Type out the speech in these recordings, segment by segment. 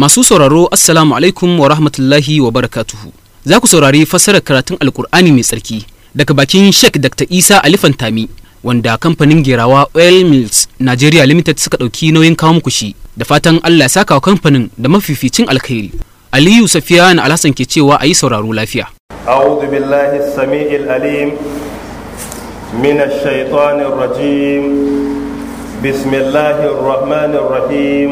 Masu sauraro Assalamu alaikum wa rahmatullahi wa barakatuhu. Za ku saurari fassarar karatun Alkur'ani mai tsarki daga bakin Sheikh Dr. Isa Ali Fantami, wanda kamfanin gerawa Oil Mills Nigeria Limited suka ɗauki nauyin kawo muku shi da fatan Allah ya saka wa kamfanin da mafificin alkhairi. Aliyu Safiya na Alhassan ke cewa a yi sauraro lafiya. أعوذ بالله السميع بسم الله الرحمن الرحيم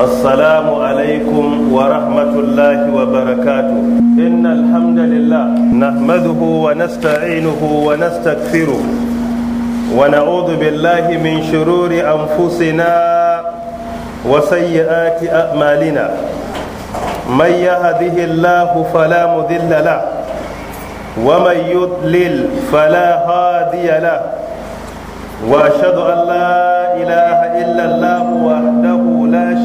السلام عليكم ورحمة الله وبركاته إن الحمد لله نحمده ونستعينه ونستكفره ونعوذ بالله من شرور أنفسنا وسيئات أعمالنا من يهده الله فلا مذل له ومن يضلل فلا هادي له وأشهد أن لا إله إلا الله وحده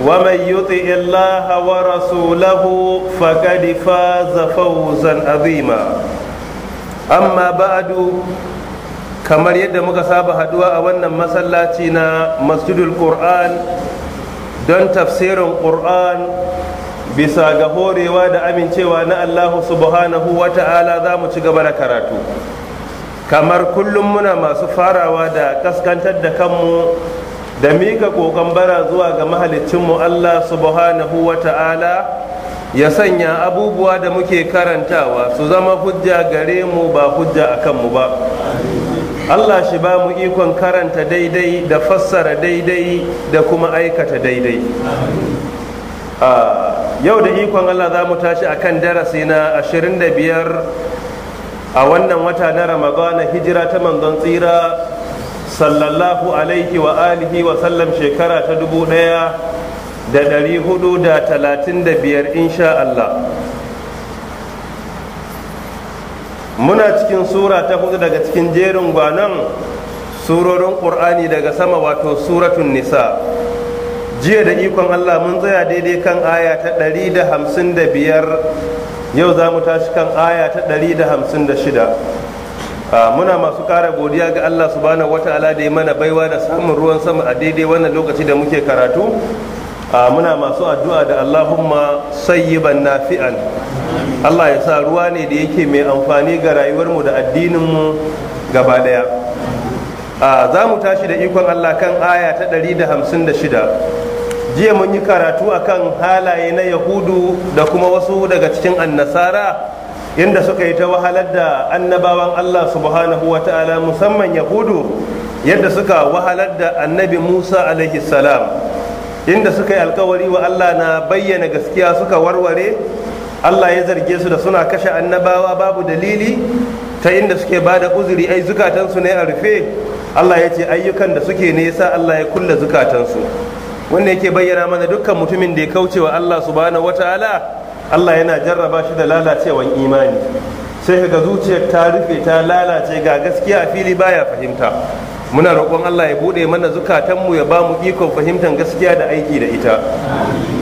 ومن يطع الله ورسوله فقد فاز فوزا عظيما أما بعد kamar yadda muka saba haduwa a wannan masallaci na masjidul qur'an don tafsirin qur'an bisa ga horewa da amincewa na allahu subhanahu wata'ala ta'ala za mu ci gaba da karatu kamar kullum muna masu farawa da kaskantar da kanmu da mika kokon bara zuwa ga mu Allah subhanahu wa ta'ala ya sanya abubuwa da muke karantawa su zama hujja gare mu ba hujja akan mu ba Allah shi ba mu ikon karanta daidai da fassara daidai da kuma aikata daidai yau da ikon Allah za mu tashi a kan darasi na 25 a wannan wata na ramadana hijira ta manzon tsira sallallahu alaihi wa alihi wa sallam shekara ta dubu ɗaya da dari hudu da talatin da biyar insha Allah muna cikin sura ta hudu daga cikin jerin gwanon surorin ƙur'ani daga sama wato suratun nisa jiya da ikon Allah mun tsaya daidai kan aya ta ɗari da hamsin da biyar yau za mu tashi kan aya ta ɗari da hamsin da shida Ah, muna masu kara godiya ga Allah subhanahu wata'ala da ya mana baiwa da samun ruwan sama a daidai wannan lokaci da muke karatu ah, muna masu addu'a da Allahumma sayyiban nafi'an Allah ya sa ruwa ne da yake mai amfani ga rayuwarmu da addinin mu gaba daya ah, za mu tashi da ikon Allah kan aya ta 156 jiya mun yi karatu akan halaye na yahudu da kuma wasu daga cikin annasara inda suka yi ta wahalar da annabawan Allah subhanahu wa ta'ala musamman yahudu yadda suka wahalar da annabi Musa alaihi salam inda suka yi alkawari wa Allah na bayyana gaskiya suka warware Allah ya zarge su da suna kashe annabawa babu dalili ta inda suke ba da uzuri ai zukatansu ne a rufe Allah ya ce ayyukan da suke ne yasa Allah ya kulle zukatansu wanda yake bayyana mana dukkan mutumin da ya kauce wa Allah subhanahu ta'ala Allah yana jarraba shi da lalacewan imani sai ga zuciyar ta rufe ta lalace ga gaskiya a fili baya fahimta muna roƙon Allah ya buɗe mana zukatanmu ya ba mu ikon fahimtar gaskiya da aiki da ita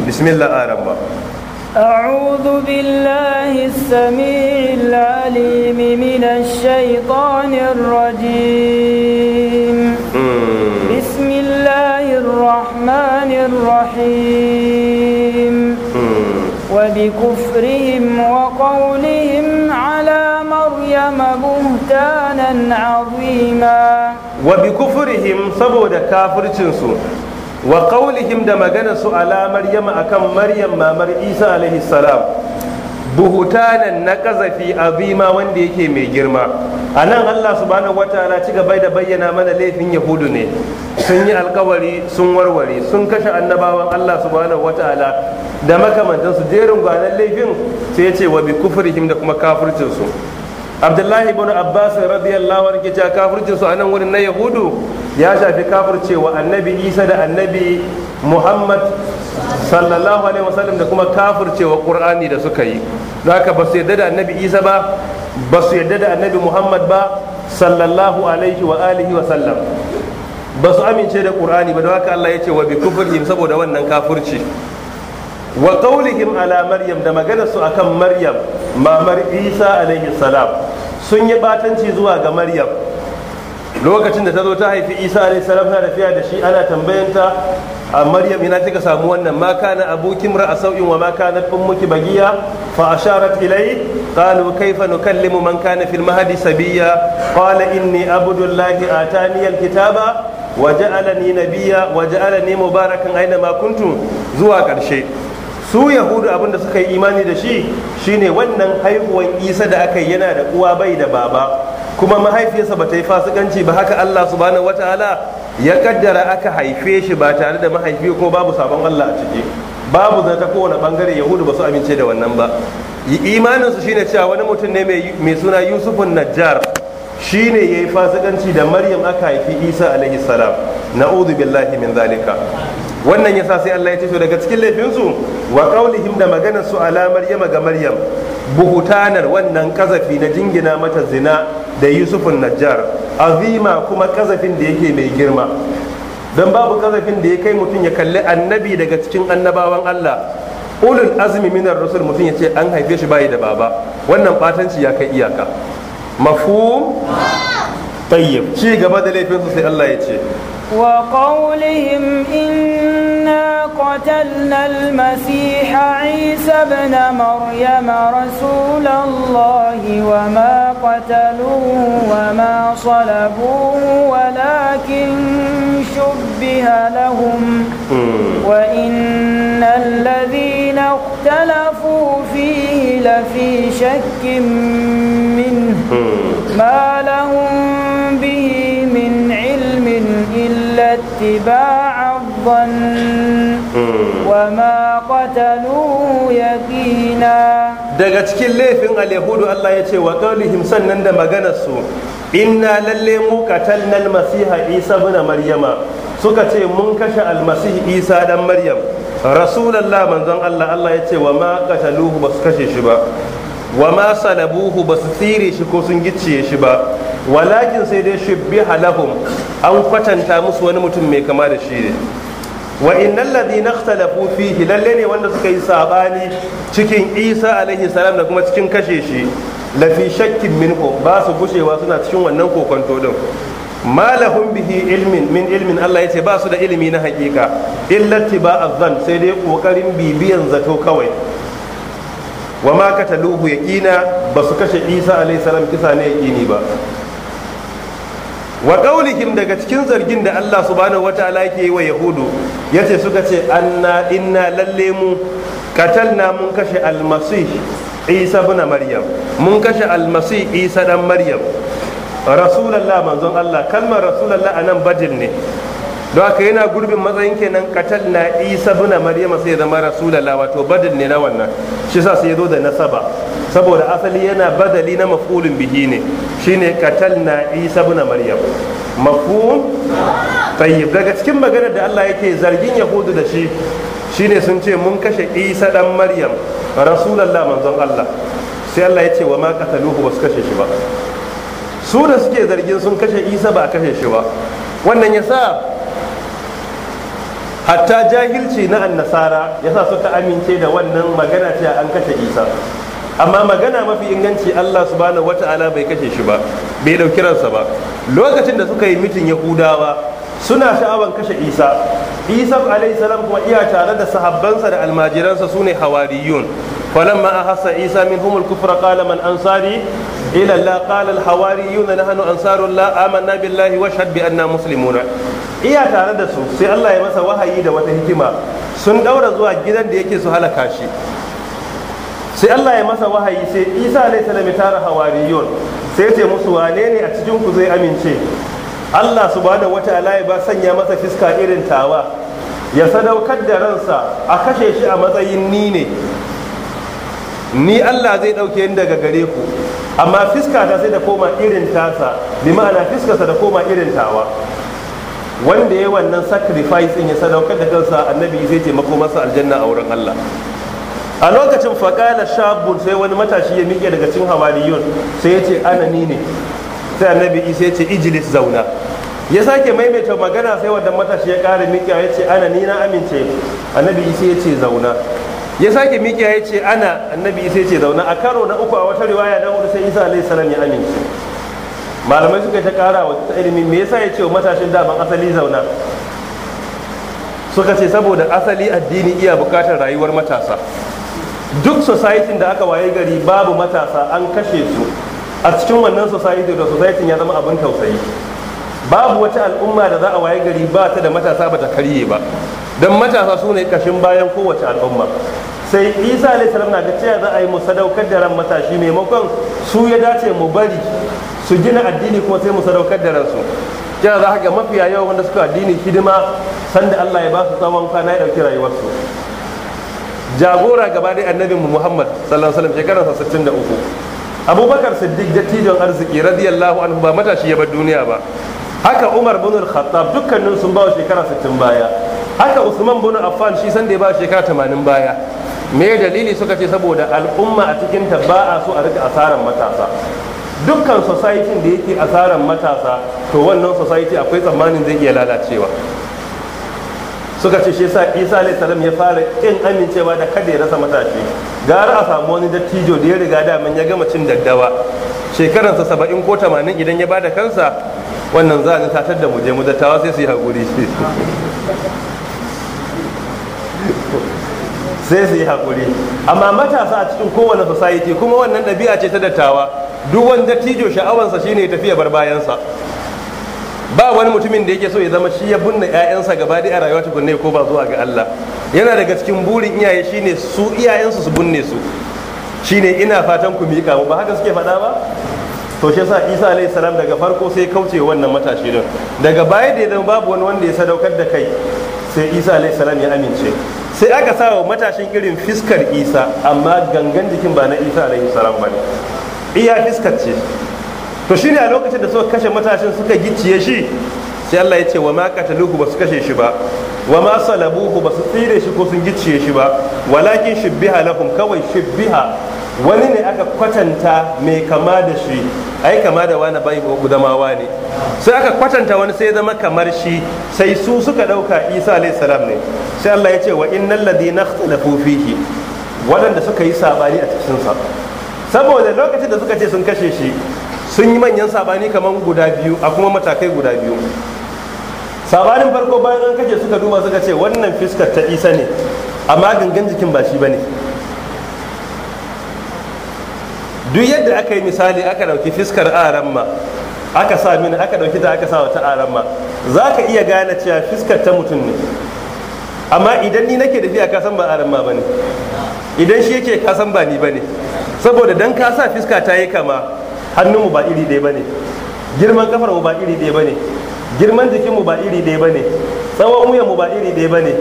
bismillah aramba أعوذ بالله السميع العليم من الشيطان الرجيم بسم الله الرحمن وبكفرهم وقولهم على مريم بهتانا عظيما وبكفرهم سبود كافر تنسو وقولهم دمجنسوا على مريم أكم مريم ما مر عيسى عليه السلام buhutanan na kazafi azima wanda yake mai girma a nan allah subhanahu wataala ci gaba da bayyana mana laifin yahudu ne sun yi alkawari sun warware sun kashe annabawan allah subhanahu wataala da makamantansu jerin gwanan laifin sai ya ce wa bi kufurihim da kuma kafircinsu abdullahi ibn abbas radiyallahu anhu ke cewa kafircin su anan wurin na yahudu ya shafi kafirce annabi isa da annabi muhammad sallallahu alaihi wasallam da kuma kafirce wa qur'ani da suka yi don haka ba su yadda da annabi isa ba ba su yadda da annabi muhammad ba sallallahu alaihi wa alihi wa sallam ba su amince da qur'ani ba don haka allah ya ce wa bi kufrihim saboda wannan kafirci wa qawlihim ala maryam da magana su akan maryam mamar isa alayhi salam sun yi batanci zuwa ga maryam lokacin da ta zo ta haifi isa alayhi salam na tafiya da shi ana tambayanta a maryam ina kika samu wannan ma kana abuki a sau'in wa ma kanat ummuki bagiya fa asharat ilai qalu kayfa nukallimu man kana fil mahdi sabiya qala inni abdullahi atani alkitaba wa ja'alani nabiyya wa ja'alani mubarakan aina ma kuntum zuwa karshe su yahudu abinda suka yi imani da shi shine wannan haihuwan isa da aka yi yana da uwa bai da baba kuma mahaifiyarsa ba ta yi fasikanci ba haka allah su wata ala? ya kaddara aka haife shi ba tare da mahaifi ko babu sabon allah a ciki babu zata kowane bangare yahudu ba su amince da wannan ba imaninsu shine cewa wani mutum ne mai suna yusufun najjar shine yi fasikanci da maryam aka haifi isa alaihi salam na'udhu billahi min zalika wannan yasa sai Allah ya ce to daga cikin laifinsu wa qaulihim da maganar su ala maryama ga maryam buhutanar wannan kazafi na jingina mata zina da yusufun najjar azima kuma kazafin da yake mai girma don babu kazafin da ya kai mutum ya kalli annabi daga cikin annabawan Allah ulul azmi minar rusul mutum ya ce an haife shi bayi da baba wannan batanci ya kai iyaka mafhum tayyib ci gaba da laifinsu sai Allah ya ce وقولهم إنا قتلنا المسيح عيسى ابن مريم رسول الله وما قتلوه وما صلبوه ولكن شبه لهم وإن الذين اختلفوا فيه لفي شك منه ما لهم به من إلا اتباع الظن وما قتلوه يقينا daga cikin laifin alyahudu Allah ya ce wa qaulihim sannan da maganar su inna lalle mu qatalna almasiha isa ibn maryama suka ce mun kashe almasihi isa dan maryam rasulullah manzon Allah Allah ya ce wa ma qataluhu basu kashe shi ba wa ma salabuhu basu tsire shi ko sun gicciye shi ba walakin sai dai shubbi lahum an kwatanta musu wani mutum mai kama da shi ne wa inna ladina nakhtalafu fihi lalle ne wanda suka yi sabani cikin Isa alaihi salam da kuma cikin kashe shi lafi shakkin minhu ba su gushewa suna cikin wannan kokonto din ma bihi ilmin min ilmin Allah yace ba su da ilimi na hakika illa tiba azan sai dai kokarin bibiyan zato kawai wa ma kataluhu yaqina ba su kashe Isa alaihi salam kisa ne yaqini ba wa ƙaunikin daga cikin zargin da Allah subhanahu wataala yake yi wa yahudu yace suka ce anna inna lalle mu katalna mun kashe almasih isa bin maryam mun kashe almasih isa dan maryam rasulallah manzon Allah kalmar rasulallah anan badin ne don haka yana gurbin matsayin kenan katal na isa bin maryam sai zama rasulallah wato badin ne na wannan shi sa sai ya zo da nasaba saboda asali yana badali na mafulin bihi ne shine na isa buna maryam mafhum tayyib daga cikin maganar da Allah yake zargin yahudu da shi shine sun ce mun kashe isa dan maryam rasulullah manzon Allah sai Allah ya ce wa ma ba su kashe shi ba su da suke zargin sun kashe isa ba a kashe shi ba wannan yasa hatta jahilci na annasara yasa suka amince da wannan magana cewa an kashe isa amma magana mafi inganci Allah subhanahu wata'ala bai kashe shi ba bai dauki ransa ba lokacin da suka yi mitin yahudawa suna sha'awan kashe isa isa alayhi salam kuma iya tare da sahabbansa da almajiransa su sune hawariyun فلما أحس عيسى منهم الكفر قال من أنصاري إلى الله قال الحواريون نحن amanna billahi wa بالله bi anna muslimun Iya tare da su sai Allah ya masa wahayi da wata hikima sun daura zuwa gidan da yake su halaka shi sai Allah ya masa wahayi sai Isa alaihi salam ya tara hawariyon sai ya ce musu wane ne a cikin ku zai amince Allah subhanahu wataala ya ba sanya masa fiska irin tawa ya sadaukar da ransa a kashe shi a matsayin ni ne ni Allah zai dauke ni daga gare ku amma fiska ta sai da koma irin tasa bi ma'ana fiskarsa da koma irin tawa wanda ya wannan sacrifice in ya sadaukar da kansa annabi zai taimako masa aljanna a wurin Allah a lokacin faƙala shabun sai wani matashi ya miƙe daga cin hawariyun sai ya ce ana ni ne sai annabi isa ya ce ijilis zauna ya sake maimaita magana sai wannan matashi ya ƙara miƙe ya ce ana ni na amince annabi isa ya ce zauna ya sake miƙe ya ce ana annabi isa ya ce zauna a karo na uku a wata riwaya na hudu sai isa alaihi salam ya amince malamai suka ta ƙara wa ta ilimi me yasa ya ce wa matashin daman asali zauna suka ce saboda asali addini iya bukatar rayuwar matasa duk society da aka waye gari babu matasa an kashe su a cikin wannan society da society ya zama abin tausayi babu wata al'umma da za a waye gari ba ta da matasa ba ta karye ba don matasa su ne kashin bayan kowace al'umma sai isa alaihi salam na ga cewa za a yi mu sadaukar da ran matashi maimakon su ya dace mu bari su gina addini kuma sai mu sadaukar da ransu kira za ga mafiya yawa wanda suka addini hidima sanda Allah ya ba su tsawon kwana ya dauki rayuwarsu jagora gaba annabin annabi muhammad sallallahu alaihi wasallam shekarar 63 abubakar siddiq dattijon arziki radiyallahu anhu ba matashi ya bar duniya ba haka umar bin al-khattab dukkanin sun ba shekara 60 baya haka usman bin affan shi san da ya ba shekara 80 baya me dalili suka ce saboda al'umma a cikin ta ba a so a rika asaran matasa dukkan society da yake asaran matasa to wannan society akwai tsammanin zai iya lalacewa suka ce shi yasa isa alayhi salam ya fara kin amincewa da kada ya rasa matashi gara a samu wani dattijo da ya riga daman ya gama cin daddawa sa saba'in ko tamanin idan ya bada kansa wannan za a tatar da mu mu dattawa sai su yi hakuri, sai su yi hakuri amma matasa a cikin kowane society kuma wannan dabi'a ce ta dattawa duk wani dattijo sha'awansa shine ya tafiya bar bayansa ba wani mutumin da yake so ya zama shi ya binne ƴaƴansa gaba a rayuwa tukunne ko ba zuwa ga Allah yana daga cikin burin iyaye shine su iyayensu su binne su shine ina fatan ku mika mu ba haka suke faɗa ba to shi yasa Isa alayhi salam daga farko sai kauce wannan matashi din daga baya da zama babu wani wanda ya sadaukar da kai sai Isa alayhi salam ya amince sai aka sa wa matashin irin fiskar Isa amma gangan jikin ba na Isa alayhi salam bane iya fiskar ce to shine a lokacin da suka kashe matashin suka gicciye shi sai Allah ya ce wa ma qataluhu ba su kashe shi ba wa ma salabuhu ba su tsire shi ko sun gicciye shi ba walakin shibbiha lahum kawai shibbiha wani ne aka kwatanta mai kama da shi ai kama da wani bai gudamawa ne sai aka kwatanta wani sai zama kamar shi sai su suka dauka isa alayhi salam ne sai Allah ya ce wa innal ladina ikhtalafu fihi wadanda suka yi sabani a cikin sa saboda lokacin da suka ce sun kashe shi sun yi manyan sabani kamar guda biyu a kuma matakai guda biyu sabanin farko bayan an kace suka duba suka ce wannan fiskar ta isa ne amma gangan jikin ba shi ba ne duk yadda aka yi misali aka ɗauki fiskar aramma aka sa mini aka ɗauki ta aka sa wata aramma za ka iya gane cewa fiskar ta mutum ne amma idan ni nake tafiya ka san ba aramma ba ne idan shi yake ka san ba ni ba ne saboda dan ka sa fiska ta yi kama hannunmu ba iri ɗaya bane, girman kafar mu ba iri ɗaya bane, girman jikin mu ba iri ɗaya bane, tsawon wuyan mu ba iri ɗaya bane,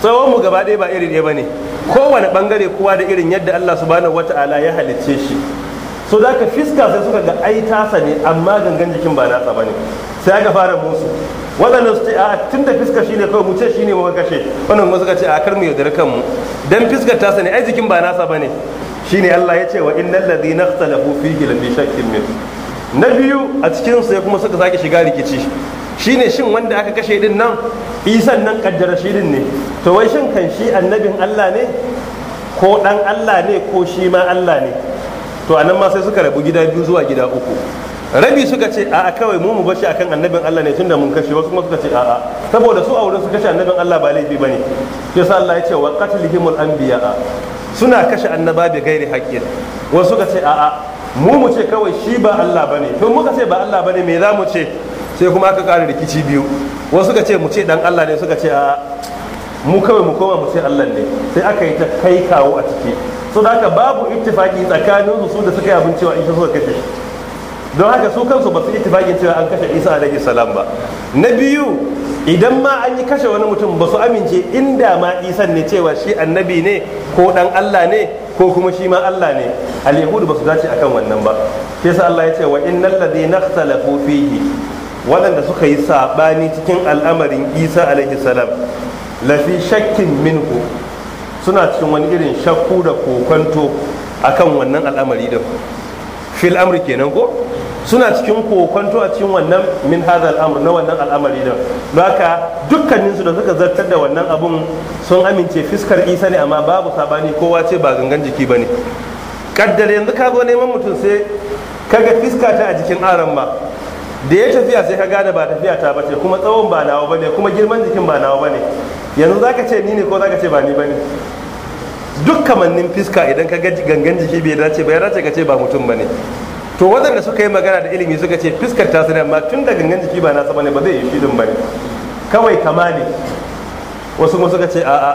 tsawon mu gaba ɗaya ba iri ɗaya bane, kowane ɓangare kowa da irin yadda Allah subhanahu wata'ala ya halicce shi so da ka fiska sai suka ga ai tasa ne amma gangan jikin ba nasa ba ne sai aka fara musu waɗannan su ce a tun da fiska shine kawai mu ce shine mu kashe wannan kuma suka ce a kar mu yaudar kanmu dan fiskar tasa ne ai jikin ba nasa ba ne shine Allah ya ce wa innal ladina ikhtalafu fihi lafi shakkin min na biyu a cikin sai kuma suka sake shiga rikici shine shin wanda aka kashe din nan isan nan kaddara shi din ne to wai shin kan shi annabin Allah ne ko dan Allah ne ko shi ma Allah ne to anan ma sai suka rabu gida biyu zuwa gida uku rabi suka ce a'a kawai mu mu bashi akan annabin Allah ne tunda mun kashe wasu kuma suka ce a'a saboda su a wurin su kashe annabin Allah ba laifi bane sai Allah ya ce wa qatlihimul anbiya'a suna kashe annaba bi gairi haƙƙin wasu ka ce a'a mu mu ce kawai shi ba Allah bane to muka ce ba Allah bane me za mu ce sai kuma aka ƙara rikici biyu wasu ka ce mu ce dan Allah ne suka ce a'a mu kawai mu koma mu ce Allah ne sai aka yi ta kai kawo a ciki so da haka babu ittifaki tsakanin su su da suka yi abin cewa Isa suka kashe don haka su kansu ba su ittifakin cewa an kashe Isa alaihi salam ba na biyu idan ma an yi kashe wani mutum ba su amince inda ma isan ne cewa shi annabi ne ko dan Allah ne ko kuma shi ma Allah ne al ba su dace akan wannan ba sai sa Allah ya ce wa innal ladina ikhtalafu fihi waɗanda suka yi sabani cikin al'amarin Isa alaihi salam fi shakkin minhu suna cikin wani irin shakku da kokonto akan wannan al'amari din fil amri kenan ko suna cikin kokonto a cikin wannan min hadha al-amr na wannan al'amari da haka dukkanin su da suka zartar da wannan abun sun amince fiskar isa ne amma babu sabani kowa ce ba gangan jiki bane kaddar yanzu ka zo neman mutum sai kaga fiska ta a jikin aran ba da ya tafiya sai ka gane ba tafiya ta bace kuma tsawon ba nawa bane kuma girman jikin ba nawa bane yanzu zaka ce ni ne ko zaka ce ba ni bane duk kamannin fiska idan ka ga gangan jiki bai dace ba ya dace ka ce ba mutum bane to wadanda suka yi magana da ilimi suka ce fiskar ta sanar amma tun da gangan jiki ba nasa bane ba zai yi filin bane kawai kama ne wasu kuma suka ce a'a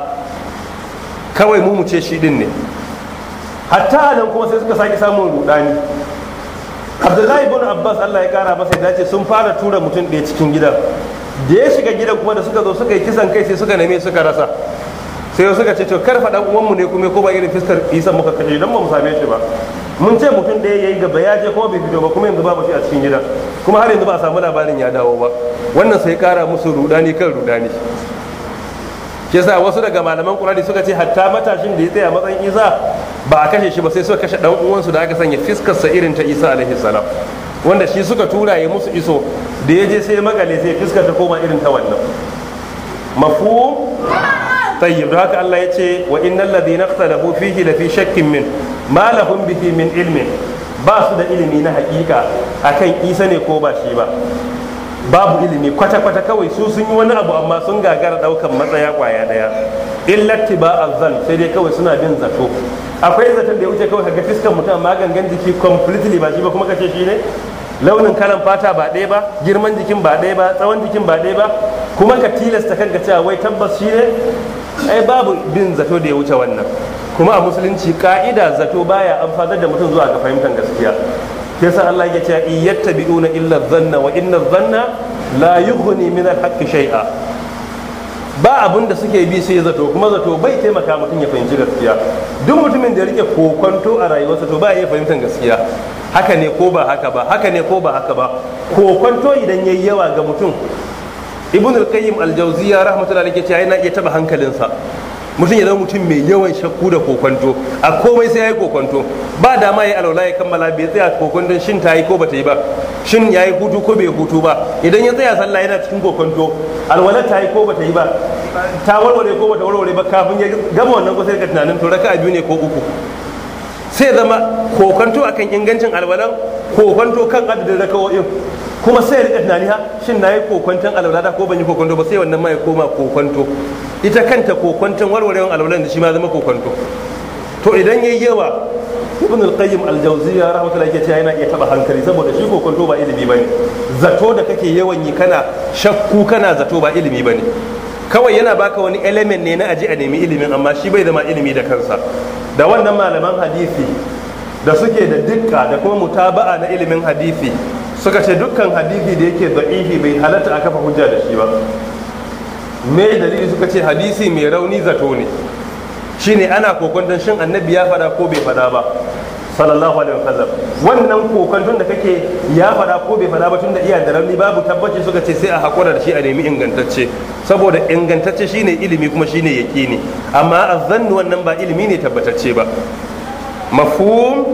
kawai mu mu ce shi din ne hatta nan kuma sai suka sake samun rudani abdullahi ibn abbas allah ya kara masa ya dace sun fara tura mutum ɗaya cikin gidan da ya shiga gidan kuma da suka zo suka yi kisan kai sai suka neme suka rasa sai wasu ka ce to karfa dan uwanmu ne kuma ko ba irin fiskar isa muka kashe dan ba mu same shi ba mun ce mutum ɗaya yayi gaba ya je kuma bai fito ba kuma yanzu babu shi a cikin gidan kuma har yanzu ba a samu labarin ya dawo ba wannan sai kara musu rudani kan rudani ke sa wasu daga malaman kurani suka ce hatta matashin da ya tsaya matsayin isa ba a kashe shi ba sai suka kashe dan uwansu da aka sanya fiskarsa irin ta isa alaihi salam wanda shi suka tura ya musu iso da ya je sai makale sai fiskar ta koma irin ta wannan mafu tayyib don haka Allah ya ce wa innal ladina ikhtalafu fihi la fi shakkin min ma lahum bihi min ilmin ba su da ilimi na hakika akan Isa ne ko ba shi ba babu ilimi kwata kwata kawai su sun yi wani abu amma sun gagara daukan matsaya kwaya daya illatti ba azzan sai dai kawai suna bin zato akwai zaton da ya wuce kawai kaga fiskan mutum amma gangan jiki completely ba shi ba kuma kace shi ne launin kalan fata ba ɗaya ba girman jikin ba ɗaya ba tsawon jikin ba ɗaya ba kuma ka tilasta kanka cewa wai tabbas shi ne ai babu bin zato da ya wuce wannan kuma a musulunci ka'ida zato baya amfanar da mutum zuwa ga fahimtar gaskiya ke sa Allah ya ce in na illa zanna wa inna zanna la yughni min al-haqqi shay'a ba abin da suke bi sai zato kuma zato bai taimaka mutum ya fahimci gaskiya duk mutumin da ya rike kokonto a rayuwarsa to ba ya fahimtar gaskiya haka ne ko ba haka ba haka ne ko ba haka ba kokonto idan yayi yawa ga mutum ibn al-qayyim al-jawziya rahmatullahi alayhi yace yana iya taba hankalinsa mutum ya zama mutum mai yawan shakku da kokwanto a komai sai yayi kokwanto ba dama yayi alwala ya kammala bai tsaya kokwanton shin ta yi ko bata yi ba shin yayi hutu ko bai hutu ba idan ya tsaya sallah yana cikin kokwanto alwala ta yi ko bata yi ba ta warware ko bata warware ba kafin ya gama wannan kusa sai ka tunanin to raka'a biyu ne ko uku sai zama kokwanto akan ingancin alwalan kokwanto kan adadin raka'o'in kuma sai ya rika tunani ha shin nayi kokwanton alwala ko ban yi kokwanto ba sai wannan ma ya koma kokwanto ita kanta kokwanton warwarewan alwalan da shi ma zama kokwanto to idan yayi yawa ibn al-qayyim al-jawziyya rahmatullahi yake cewa yana iya taba hankali saboda shi kokwanto ba ilimi bane zato da kake yawan yi kana shakku kana zato ba ilimi bane kawai yana baka wani element ne na aji a nemi ilimin amma shi bai zama ilimi da kansa da wannan malaman hadisi da suke da dukka da kuma mutaba'a na ilimin hadisi suka ce dukkan hadisi da yake da'ifi bai halatta a kafa hujja da shi ba me dalili suka ce hadisi mai rauni zato ne shine ana kokonton shin annabi ya fada ko bai fada ba sallallahu alaihi wasallam wannan kokonton da kake ya fada ko bai fada ba tunda iya da rauni babu tabbaci suka ce sai a hakura da shi a nemi ingantacce saboda ingantacce shine ilimi kuma shine yaqini amma azzannu wannan ba ilimi ne tabbatacce ba mafhum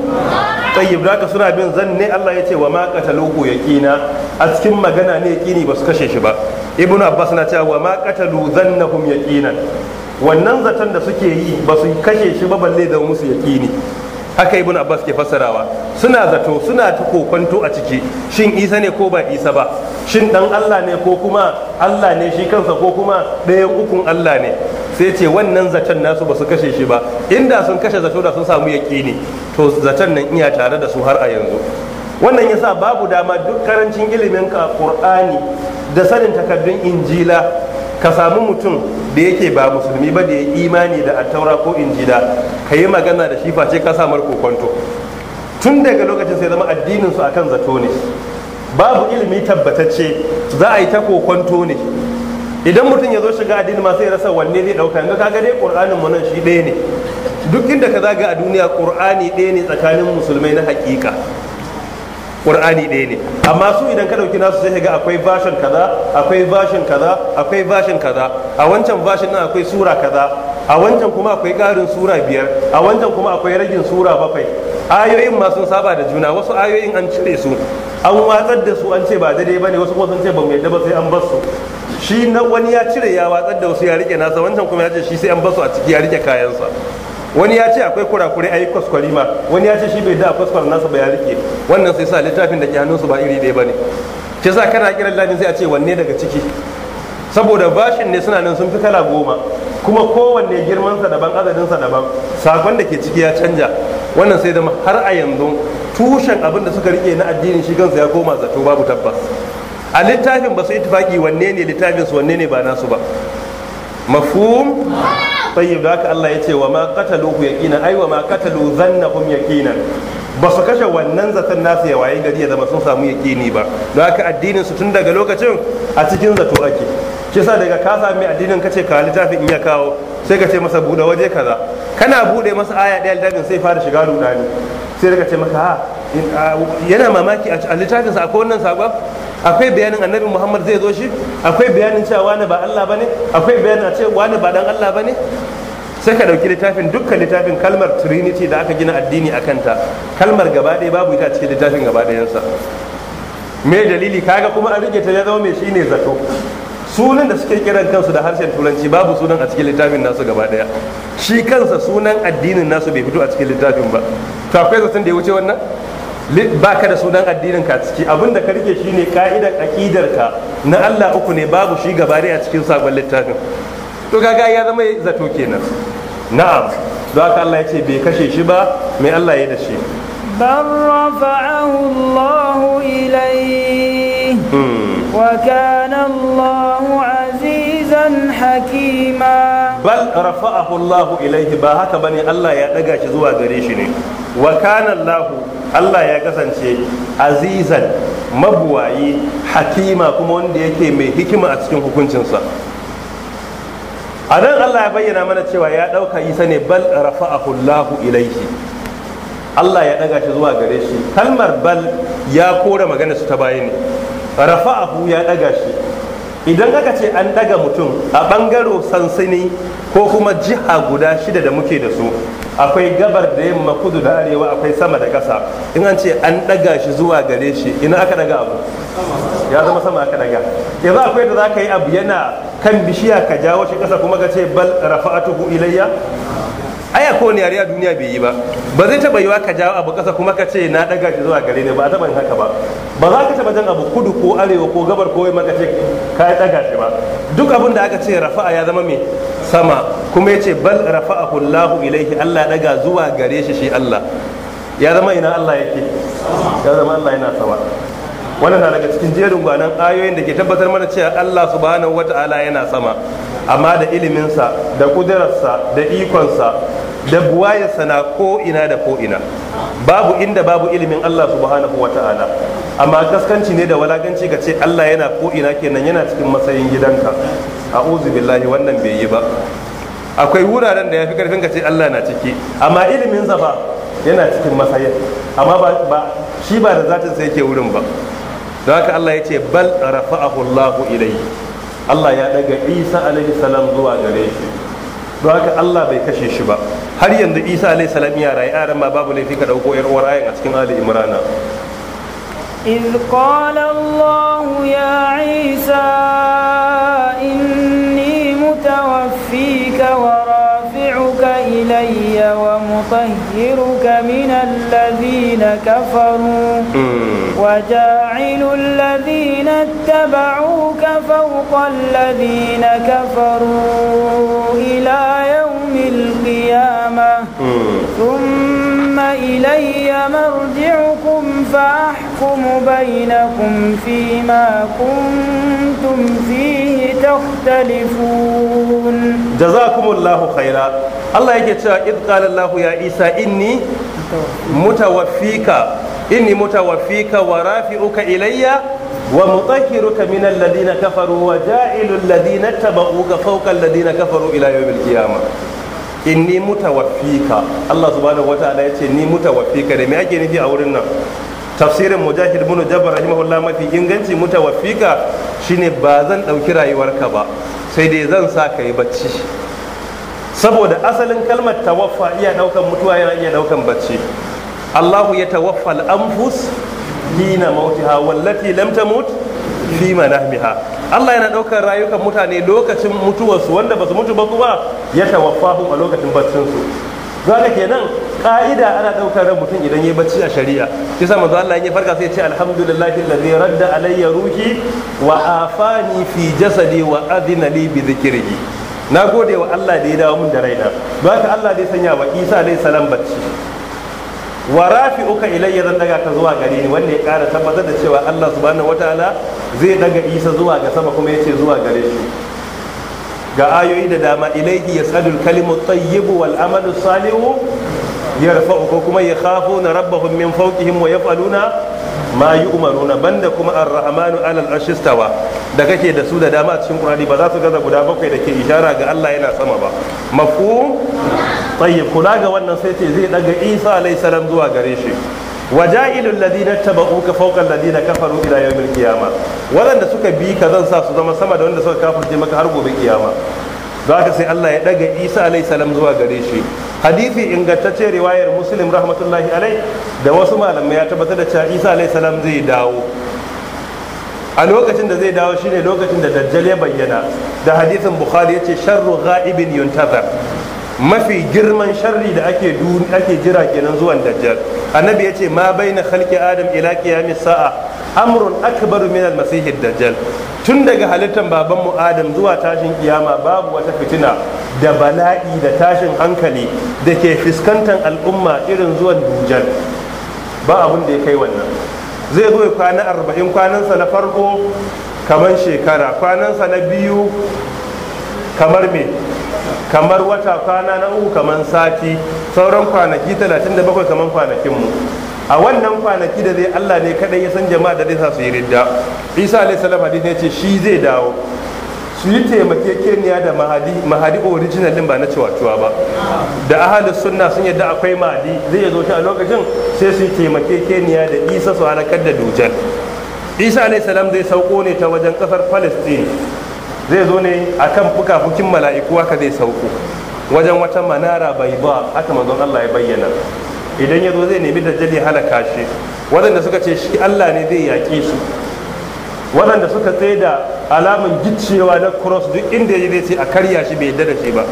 tsayyib da suna bin zan ne Allah ya ce wa ma qataluhu yaqina a cikin magana ne yaqini ba su kashe shi ba ibnu abbas na cewa wa ma qatalu zannahum yaqinan wannan zaton da suke yi ba su kashe shi ba balle da musu yaqini haka ibn abbas ke fassarawa suna zato suna ta kokonto a ciki shin isa ne ko ba isa ba shin dan allah ne ko kuma allah ne shi kansa ko kuma ɗaya ukun allah ne sai ce wannan zaton nasu ba su kashe shi ba inda sun kashe zato da sun samu yaƙini to zaton nan iya tare da su har a yanzu wannan yasa babu dama duk karancin ilimin ka qur'ani da sanin takaddun injila ka samu mutum da yake ba musulmi ba da ya imani da attaura ko injila ka yi magana da shi face ka samar kokonto tun daga lokacin sai zama addininsu su akan zato ne babu ilimi tabbatacce za a yi ta kokonto ne idan mutum ya zo shiga addini masu sai rasa wanne zai dauka yanzu kaga dai qur'anin mu nan shi ɗaya ne duk inda ka zaga a duniya qur'ani ɗaya ne tsakanin musulmai na hakika qur'ani ɗaya ne amma su idan ka ɗauki nasu sai ga akwai version kaza akwai version kaza akwai version kaza a wancan version nan akwai sura kaza a wancan kuma akwai ƙarin sura biyar a wancan kuma akwai ragin sura bakwai ayoyin ma sun saba da juna wasu ayoyin an cire su an watsar da su an ce ba daidai bane wasu kuma sun ce ba mu yadda ba sai an bar su shi na wani ya cire ya watsar da wasu ya rike nasa wancan kuma ya ce shi sai an bar su a ciki ya rike kayansa wani ya ce akwai kurakure ayi kwaskwari ma wani ya ce shi bai da kwaskwar nasa ba ya rike wannan sai sa littafin da ke hannunsu ba iri ɗaya ba ne. ke sa kana kiran labin sai a ce wanne daga ciki saboda bashin ne suna nan sun fi kala goma kuma kowanne girmansa daban adadinsa daban sakon da ke ciki ya canja wannan sai da har a yanzu tushen abin da suka rike na addinin shi kansa ya koma zato babu tabbas a littafin ba su ittifaki wanne ne littafin su wanne ne ba nasu ba mafhum tayyib da haka Allah ya ce wa ma qataluhu yaqina ai wa ma qatalu dhannahum yaqina ba su kashe wannan zaton nasu ya waye gari ya zama sun samu yaqini ba don haka addinin su tun daga lokacin a cikin zato ake sa daga ka sami addinin kace ka littafin in ya kawo sai ka ce masa bude waje kaza kana bude masa aya ɗaya littafin sai fara shiga rudani sai daga ce maka ha ah, yana mamaki a littafin sa akwai wannan sabon akwai bayanin annabi muhammad zai zo shi akwai bayanin cewa wani ba allah bane akwai bayanin a ce wani ba dan allah bane sai ka ɗauki littafin dukkan littafin kalmar trinity da aka gina addini a kanta kalmar gaba ɗaya babu ita a cikin littafin gaba ɗayansa me dalili kaga kuma an rike ta ya zama mai shine zato sunan da suke kiran kansu da harshen turanci babu sunan a cikin littafin nasu gaba daya shi kansa sunan addinin nasu bai fito a cikin littafin ba to akwai zaton da ya wuce wannan ba ka da sunan addinin ka ciki abin da ka rike shine ka'idar aqidar ka na Allah uku ne babu shi gaba daya a cikin sabon littafin to kaga ya zama zato kenan na'am don haka Allah ya ce bai kashe shi ba mai Allah ya yi da shi bal rafa'ahu Allah ilayhi وكان الله عزيزا حكيما بل رفعه الله إليه باهك بني الله يدقى شزوى قريشني ne. Wakanallahu Allah ya kasance azizan mabuwayi hakima kuma wanda yake mai hikima a cikin hukuncinsa a nan Allah ya bayyana mana cewa ya ɗauka isa ne bal rafa'ahu Allahu ilaihi Allah ya ɗaga shi zuwa gare shi kalmar bal ya kora magana su ta baya ne rafa'ahu ya daga shi idan aka ce an daga mutum a bangaro sansani ko kuma jiha guda shida da muke da su akwai gabar da yamma kudu da arewa akwai sama da ƙasa in an ce an daga shi zuwa gare shi ina aka daga abu ya zama sama aka daga yanzu akwai da za ka yi abu yana kan bishiya ka jawo shi ƙasa kuma ka ce bal rafa'atuhu ilayya aya ko ne yare a duniya bai yi ba ba zai taba yiwa ka jawo abu kasa kuma ka ce na daga shi zuwa gare ne ba a taban haka ba ba za ka taba jan abu kudu ko arewa ko gabar ko ma ka ce ka yi daga shi ba duk abin da aka ce rafa'a ya zama mai sama kuma ya ce bal rafa'a kullahu ilaihi Allah daga zuwa gare shi shi Allah ya zama ina Allah yake ya zama Allah yana sama wannan na daga cikin jerin gwanan ayoyin da ke tabbatar mana cewa Allah subhanahu wata'ala yana sama amma da iliminsa da kudurarsa da ikonsa da buwayarsa na ko'ina da ko'ina babu inda babu ilimin Allah subhanahu wata'ala amma kaskanci ne da walaganci ga ce Allah yana ko'ina kenan yana cikin matsayin gidanka a'udhu billahi wannan bai yi ba akwai wuraren da ya fi karfin ka ce Allah na ciki amma ilimin ba yana cikin masayin amma ba shi ba da zatin sai yake wurin ba don haka Allah ya ce bal rafa'ahu Allah ilai Allah ya daga Isa alaihi salam zuwa gare shi don haka Allah bai kashe shi ba har yanzu Isa alaihi salam ya rayu a ma babu laifi ka dauko yar uwar ayin a cikin Ali Imrana إذ قال الله ya isa. نطهرك من الذين كفروا وجاعل الذين اتبعوك فوق الذين كفروا إلى يوم القيامة ثم إلي مرجعكم فأحكم بينكم فيما كنتم فيه تختلفون جزاكم الله خيرا الله يجي إذ قال الله يا عيسى إني متوفيك إني متوفيك ورافعك إلي ومطهرك من الذين كفروا وجاعل الذين اتبعوك فوق الذين كفروا إلى يوم القيامة inni mutawaffika Allah subhanahu wataala yace ni mutawaffika da me ake nufi a wurin nan tafsirin mujahid bin jabbar rahimahullah mafi inganci mutawaffika shine ba zan ɗauki rayuwarka ba sai dai zan sa ka yi bacci saboda asalin kalmar tawaffa iya ɗaukan mutuwa yana iya ɗaukan bacci allahu ya tawaffa al'amfus hina mautiha wallati lam tamut fi manahmiha Allah yana ɗaukar rayukan mutane lokacin mutuwarsu wanda ba su mutu ba kuma ya tawaffahum a lokacin baccinsu ke kenan ka'ida ana daukar ran mutum idan yayi bacci a shari'a kisa manzo Allah ya farka sai ya ce alhamdulillah alladhi radda alayya ruhi wa afani fi jasadi wa adina li bi dhikrihi na gode wa Allah da ya dawo mun da raina don haka Allah zai sanya wa Isa alayhi salam bacci wa rafi'uka ilayya zan daga ka zuwa gare ni wanda ya kara tabbatar da cewa Allah subhanahu wataala zai daga Isa zuwa ga sama kuma ce zuwa gare shi ga ayoyi da dama ilaihi yasadul kalimu tayyibu wal amalu salihu yarfa'u ko kuma ya na rabbahum min fawqihim wa yaf'aluna ma yu'maruna banda kuma an rahamanu alal ashistawa da kake da su da dama a cikin Qur'ani ba za su gaza guda bakwai da ke ishara ga Allah yana sama ba mafu tayyib kula ga wannan sai ce zai daga Isa alayhi salam zuwa gare shi waja'ilul ladina tabauka fawqa alladina kafaru ila yawmil qiyama wadanda suka bi ka zan sa su zama sama da wanda suka kafirce maka har gobe kiyama zaka sai Allah ya daga Isa alaihi salam zuwa gare shi hadisi ingantacce riwayar Muslim rahmatullahi alai da wasu malamai ya tabbatar da cewa Isa alaihi salam zai dawo a lokacin da zai dawo shine lokacin da dajjal ya bayyana da hadisin Bukhari yace sharru ghaibin yuntazar mafi girman sharri da ake ake jira kenan zuwan dajjal annabi ya ce ma na khalqi adam ila qiyamis sa'a amrun akbaru min al-masih dajjal tun daga halittar baban mu adam zuwa tashin kiyama babu wata fitina da bala'i da tashin hankali da ke fuskantar al'umma irin zuwan dajjal ba abun da ya kai wannan zai zo kwana arba'in kwanansa na farko kamar shekara kwanansa na biyu kamar me kamar wata kwana na uku kamar sati sauran kwanaki 37 kamar kwanakinmu a wannan kwanaki da zai Allah ne kadai ya san jama'a da zai sa su yi ridda isa alaihi salam hadith ne ce shi zai dawo su yi keniya da mahadi mahadi original din ba na cewa ba da ahalus sunna sun yadda akwai mahadi zai zo shi a lokacin sai su yi keniya da isa su halakar da dujan isa alaihi salam zai sauko ne ta wajen kasar palestine zai zo ne a akan fukafukin mala'iku haka zai sauko wajen wata manara bai ba haka mazon Allah ya bayyana idan ya zo zai nemi da ya halaka shi waɗanda suka ce shi Allah ne zai yaƙe su waɗanda suka tsaye da alamun gicewa na cross duk inda ya zai ce a karya shi bai yadda shi ba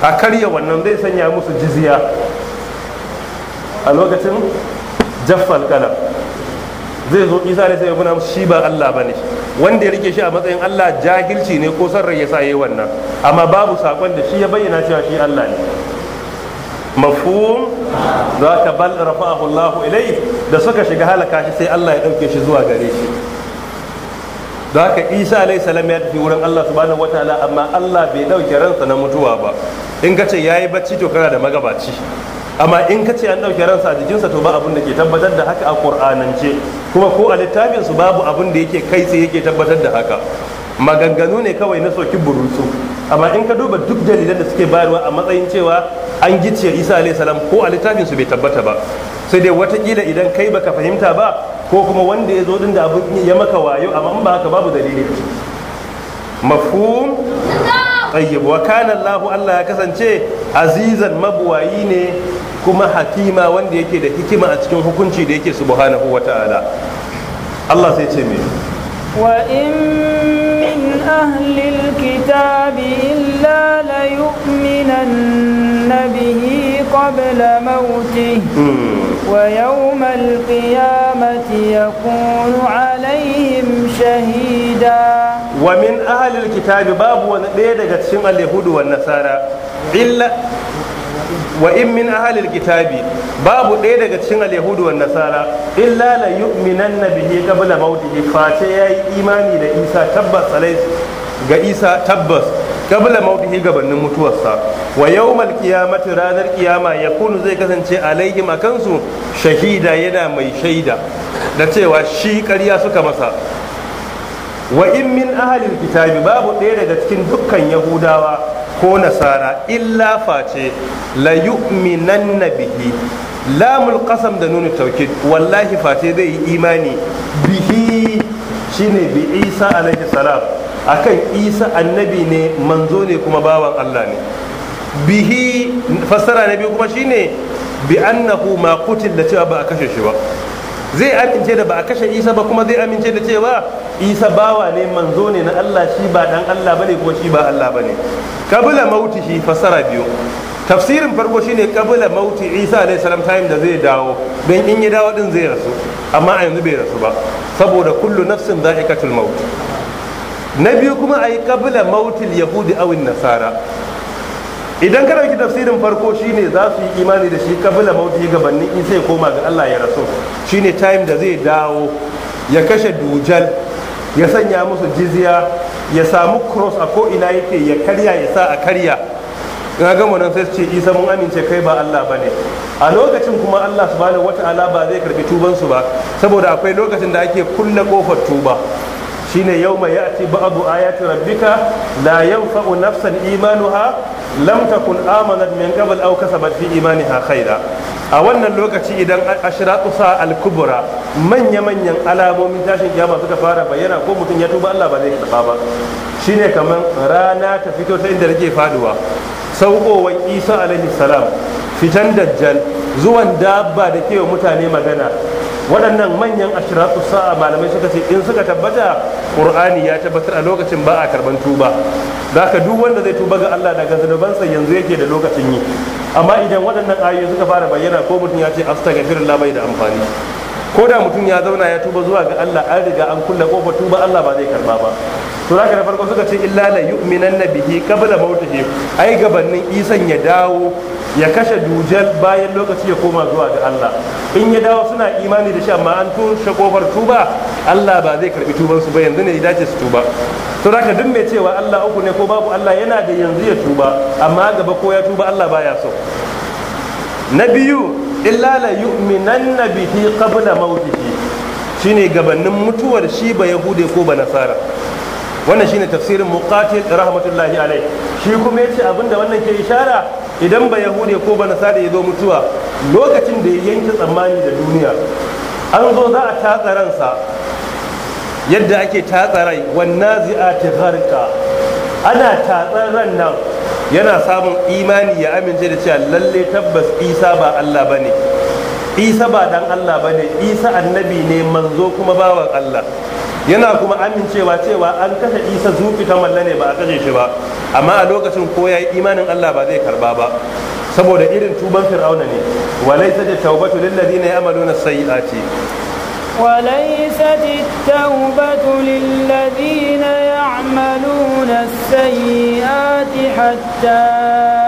a karya wannan zai sanya musu jiziya a lokacin jaffal kalam zai zo isa ne sai ya nuna shi ba Allah ba ne wanda ya rike shi a matsayin Allah jahilci ne ko son ya sa yayi wannan amma babu sakon da shi ya bayyana cewa shi Allah ne mafhum za ka bal rafa'ahu Allah ilai da suka shiga halaka shi sai Allah ya dauke shi zuwa gare shi da haka isa alayhi salam ya tafi wurin allah subhanahu wataala amma allah bai ɗauke ransa na mutuwa ba in ka ce yayi bacci to kana da magabaci amma in ka ce an dauke ransa a jikinsa to ba abin da ke tabbatar da haka a qur'anance kuma ko a littafin su babu abin da yake kai sai yake tabbatar da haka maganganu ne kawai na soki burutu amma in ka duba duk dalilan da suke bayarwa a matsayin cewa an gice isa alayhi salam ko a littafin su bai tabbata ba sai dai watakila idan kai baka fahimta ba ko kuma wanda ya zo din da abu ya maka wayo amma in ba haka babu dalili mafhum tayyib wa kana Allah Allah ya kasance azizan mabuwayi ne kuma hakima wanda yake da hikima a cikin hukunci da yake subhanahu wa ta'ala Allah sai ce mai wa in min ahlil kitabi illa la yu'minan bihi qabla mawtihi hmm. wa yawmal qiyamati yakunu alaihim shahida wa min ahlil kitabi babu wani daya daga cikin alyahudu wa nasara illa wa in min ahalil kitabi babu ɗaya daga cikin alyahudu wan nasara illa la yu'minanna bihi qabla mautihi face yayi imani da Isa tabbas alai ga Isa tabbas qabla mawtihi gabanin mutuwarsa wa yawmal qiyamati ranar qiyama yakunu zai kasance alaihim akan shahida yana mai shaida da cewa shi ƙarya suka masa wa in min kitabi babu ɗaya daga cikin dukkan yahudawa ko nasara illa face la yu'minan bihi lamul qasam da nuna taukid wallahi face zai yi imani bihi shine bi isa alaihi salam akan isa annabi ne manzo ne kuma bawan allah ne bihi fassara na biyu kuma shine bi annahu ma qutil da cewa ba a kashe shi ba zai amince da ba a kashe isa ba kuma zai amince da cewa isa bawa ne manzo ne na allah shi ba dan allah bane ko shi ba allah bane kabila mauti shi fasara biyu tafsirin farko shine kabila mauti isa alayhi salam time da zai dawo don in ya dawo din zai rasu amma a yanzu bai rasu ba saboda kullu nafsin za'iqatul maut na biyu kuma ayi kabila mautil yahudi awin nasara idan ka dauki tafsirin farko shine za su yi imani da shi kabila mauti gabanin in sai koma ga Allah ya rasu shine time da zai dawo ya kashe dujal ya sanya musu jiziya ya samu cross a ko'ina yake ya karya ya sa a karya na gama nan sai ce isa mun amince kai ba allah ba ne a lokacin kuma allah subhanahu wata'ala ba zai karbi tubansu ba saboda akwai lokacin da ake kulle kofar tuba shine yau mai ya'ti ba'du ayati rabbika la yanfa'u nafsan imanuha lam takun amanat min qabl aw imani fi imaniha khaira a wannan lokaci idan ashratu sa al-kubra manya manyan alamomin tashin kiyama suka fara bayyana ko mutum ya tuba Allah ba zai karba ba shine kamar rana ta fito ta inda take faduwa saukowar isa alaihi salam fitan dajjal zuwan dabba da kewa mutane magana waɗannan manyan ashiratu sa'a malamai suka ce in suka tabbata qur'ani ya tabbatar a lokacin ba a karban tuba zaka duk wanda zai tuba ga Allah daga zanubansa yanzu yake da lokacin yi amma idan waɗannan ayoyi suka fara bayyana ko mutum ya ce astaghfirullah bai da amfani ko da mutum ya zauna ya tuba zuwa ga Allah an riga an kulle kofar tuba Allah ba zai karba ba to haka na farko suka ce illa la yu'minan bihi qabla mautihi ai gabanin isan ya dawo ya kashe dujal bayan lokaci ya koma zuwa ga Allah in ya dawo suna imani da shi amma an tun kofar tuba Allah ba zai karbi tuban su ba yanzu ne ya dace su tuba to haka duk mai cewa Allah uku ne ko babu Allah yana da yanzu ya tuba amma gaba ko ya tuba Allah baya so na biyu illa la yu'minan bihi qabla mautihi shine gabanin mutuwar shi ba yahude ko ba nasara wannan shine tafsirin muqatil rahmatullahi alai shi kuma yace abinda wannan ke ishara idan ba yahude ko ba nasara ya zo mutuwa lokacin da ya yanke tsammani da duniya an zo za a tatsa ransa yadda ake tatsa rai wannan zi'ati gharqa ana tatsan ran nan yana samun imani ya amince da cewa lalle tabbas isa ba Allah bane isa ba dan allah ba ne isa annabi ne manzo kuma bawan allah yana kuma amincewa cewa an kashe isa zufi ta malla ne ba a kashe shi ba amma a lokacin ko ya yi imanin allah ba zai karba ba saboda irin tuban fir'auna ne walaysa at-taubatu lil ladina ya'maluna as-sayyi'ati وليست na للذين a السيئات hatta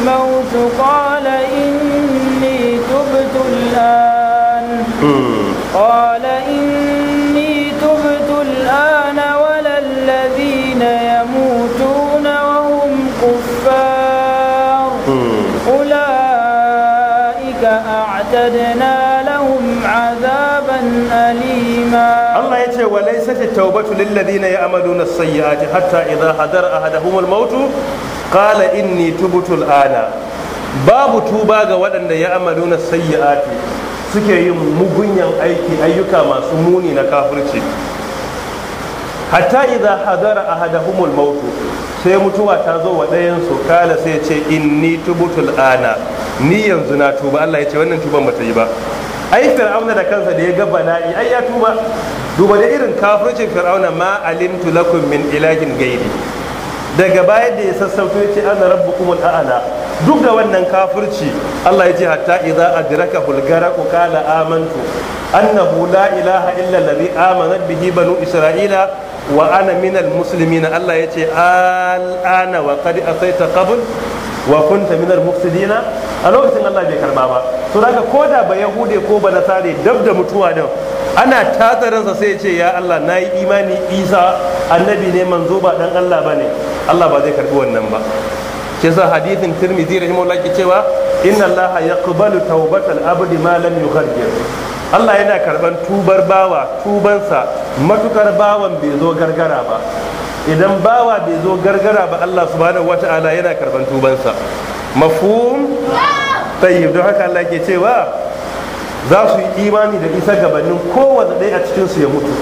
الموت قال إني تبت الآن قال إني تبت الآن ولا الذين يموتون وهم كفار أولئك أعتدنا لهم عذابا أليما الله يتي وليست التوبة للذين يعملون السيئات حتى إذا حضر أحدهم الموت kala inni tubtu al'ana babu tuba ga waɗanda ya amaluna sayyi'ati suke yin mugunyan aiki ayyuka masu muni na kafirci hatta idza hadara ahadahumul mautu sai mutuwa ta zo wa ɗayansu kala sai ce inni tubutul ana ni yanzu na tuba Allah ya ce wannan tuban bata yi ba ai fir'auna da kansa da ya ga bala'i ai ya tuba duba da irin kafircin fir'auna ma alimtu lakum min ilahin gairi daga baya da ya sassauto ya ce ana rabu kuma ala duk da wannan kafirci Allah ya ce hatta idza adraka hulgara ku kala amantu annahu la ilaha illa allazi amanat bihi banu isra'ila wa ana minal muslimin Allah ya ce al'ana wa qad ta qabl wa kunta minar mufsidina a lokacin Allah bai karba ba to daga ko da ba yahude ko ba nasare dab da mutuwa din ana sa sai ya ce ya Allah na yi imani isa annabi ne manzo ba dan Allah bane? Allah ba zai karbi wannan ba kisa hadithin tirmidhi rahimahullah ke cewa inna Allah yaqbalu tawbatal abdi ma lam yughargir Allah yana karban tubar bawa tubansa matukar bawan bai zo gargara ba idan bawa bai zo gargara ba Allah subhanahu wata'ala yana karban tubansa mafhum tayyib don haka Allah ke cewa za su yi imani da isa gabanin kowanne ɗaya a cikin su ya mutu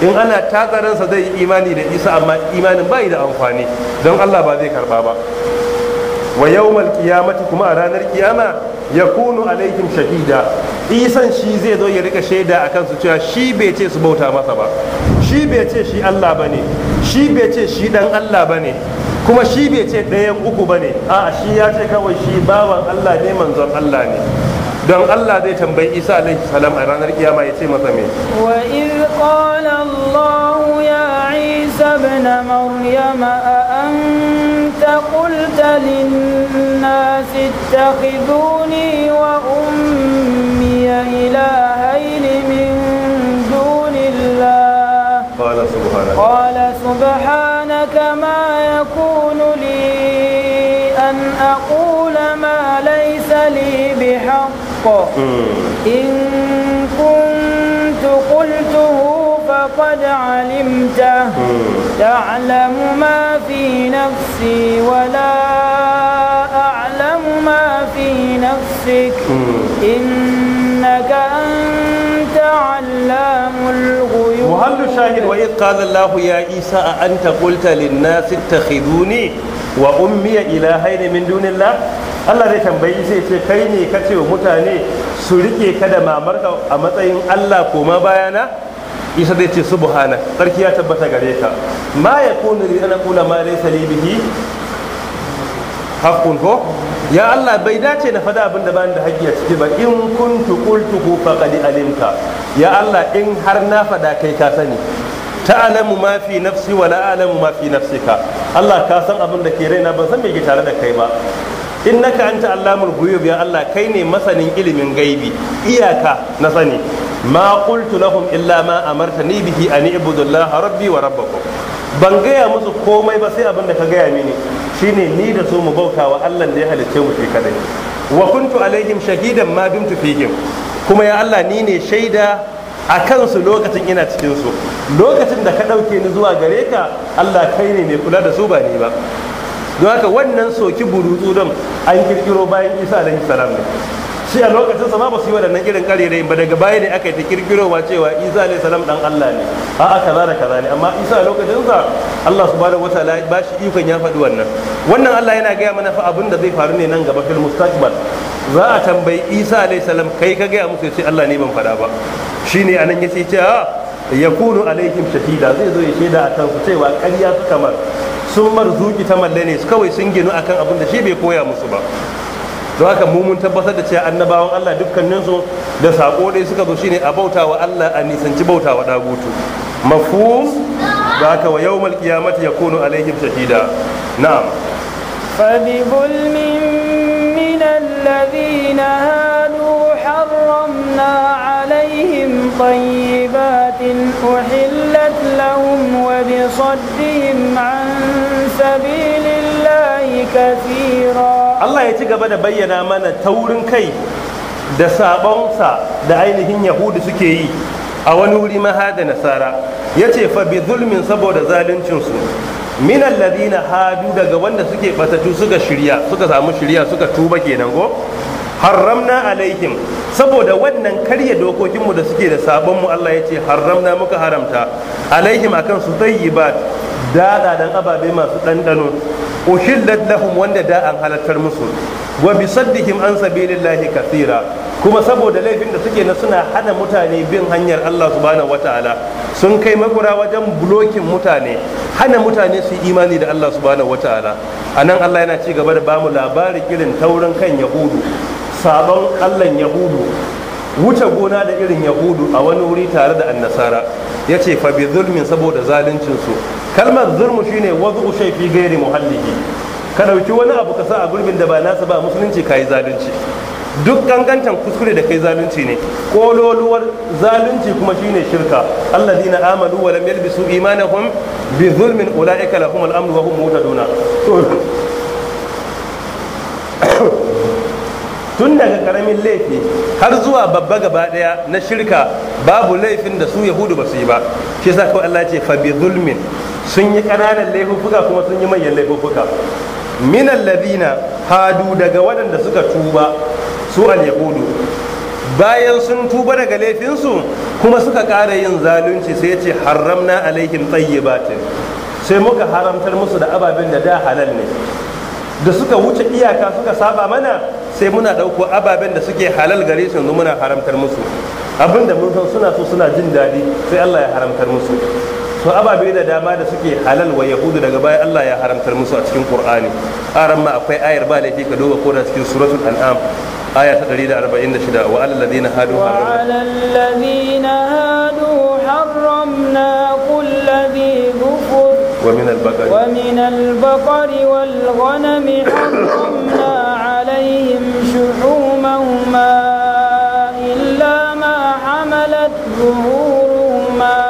in ana tazaransa zai yi imani da isa amma imanin bai da amfani don Allah ba zai karba ba wa yawmal qiyamati kuma a ranar kiyama yakunu alaikum shahida isan shi zai zo ya rika shaida a su cewa shi bai ce su bauta masa ba shi bai ce shi Allah bane shi bai ce shi dan Allah bane kuma shi bai ce ɗayan uku bane a'a shi ya ce kawai shi bawan Allah ne manzon Allah ne don Allah zai tambayi Isa alaihi salam a ranar kiyama ya ce masa me wa iz qala Allah ya Isa ibn Maryam a أنت قلت للناس اتخذوني وأمي إلهين من دون الله قال سبحانك قال سبحانك ما يكون لي أن أقول ما ليس لي بحق إن لقد علمته تعلم ما في نفسي ولا أعلم ما في نفسك إنك أنت علام الغيوب وهل شاهد وإذ قال الله يا عيسى أنت قلت للناس اتخذوني وأمي إلهين من دون الله Allah zai tambayi sai ce kai ne ka ce wa mutane su rike ka da mamarka a matsayin Allah koma bayana isa zai ce subhana sarki ya tabbata gare ka ma kuna li ana kula ma laisa li bihi haqqun ko ya Allah bai dace na fada abinda bani da haƙƙi a ciki ba in kuntu ku faqad alimta ya Allah in har na fada kai ka sani ta'lamu ma fi nafsi wala la a'lamu ma fi nafsika Allah ka san abin da ke raina ban san me ke tare da kai ba innaka anta allamul ghuyub ya Allah kai ne masanin ilimin gaibi iyaka na sani ma qultu lahum illa ma amartani bihi an ibudullaha rabbi wa rabbakum ban gaya musu komai ba sai abin da ka gaya mini shine ni da su mu bauta wa Allah da ya halicce mu shi kadai wa kuntu alaihim shahidan ma dumtu fihim kuma ya Allah ni ne shaida a kansu lokacin ina cikin su lokacin da ka dauke ni zuwa gare ka Allah kai ne mai kula da su ba ni ba don haka wannan soki burutsu don an kirkiro bayan isa alaihi salam ne shi a lokacin sama ba su yi waɗannan irin ƙarere ba daga baya ne aka yi ta kirkirowa cewa isa alaihi salam dan Allah ne a'a kaza da kaza ne amma isa a lokacin sa Allah wata wataala ba shi ikon ya faɗi wannan wannan Allah yana gaya mana fa abin da zai faru ne nan gaba fil mustaqbal za a tambayi isa alaihi salam kai ka gaya musu ya ce Allah ne ban faɗa ba shine nan ya ce a yakunu alaihim shahida zai zo ya shaida a kansu cewa ƙarya suka mar sun marzuki ta malle ne kawai sun ginu akan abin da shi bai koya musu ba don haka mu tabbatar da cewa annabawan Allah dukkaninsu da sako ɗaya suka zo shine a bauta wa Allah a nisanci bauta wa dagutu mafhum da haka wa yawmal qiyamati yakunu alaihim shahida na'am fa minan ladina min harramna طيبات أحلت لهم وبصدهم عن سبيل الله كثيرا الله يتقبل بينا من تور كي da sabonsa da ainihin yahudu suke yi a wani wuri mahada nasara ya ce fa bi zulmin saboda zaluncinsu minan ladina hadu daga wanda suke batatu suka shirya suka samu shirya suka tuba kenan ko Harramna alaihim saboda wannan karya dokokinmu da suke da sabonmu Allah ya ce harramna muka haramta alaihim akan su tayyibat dada dan ababe masu ɗanɗano uhillat lahum wanda da an halattar musu wa bisaddihim an sabilillahi kathira kuma saboda laifin da suke na suna hana mutane bin hanyar Allah subhanahu wataala sun kai makura wajen blokin mutane hana mutane su imani da Allah subhanahu wataala anan Allah yana ci gaba da bamu labarin irin taurin kan yahudu sabon allan yahudu wuce gona da irin yahudu a wani wuri tare da annasara ya ce fa bi zulmin saboda zaluncinsu kalmar zulmu shine wazu ushe fi gairi muhallihi ka dauki wani abu kasa a gurbin da ba nasa ba musulunci ka yi zalunci duk gangantan kuskure da kai zalunci ne kololuwar zalunci kuma shine shirka alladina amanu wa lam yalbisu imanahum bi zulmin ulaika lahum al Amru, wa hum muhtaduna tun daga karamin laifi har zuwa babba gaba daya na shirka babu laifin da su yahudu ba su yi ba shi yasa kawai Allah ce fa bi zulmin sun yi kananan laifuka kuma sun yi manyan laifuka min alladhina hadu daga waɗanda suka tuba su al yahudu bayan sun tuba daga laifinsu kuma suka ƙara yin zalunci sai ya ce haramna alaihim tayyibatin sai muka haramtar musu da ababen da da halal ne da suka wuce iyaka suka saba mana sai muna ɗauko ababen da suke halal gare su yanzu muna haramtar musu abin da mun san suna so suna jin daɗi sai Allah ya haramtar musu to ababe da dama da suke halal wa yahudu daga baya Allah ya haramtar musu a cikin Qur'ani aran ma akwai ayar ba laifi ka duba ko da cikin suratul an'am aya ta 146 wa alal ladina hadu wa hadu harramna kulli ومن البقر ومن البقر والغنم حرمنا عليهم شحومهما إلا ما حملت ظهورهما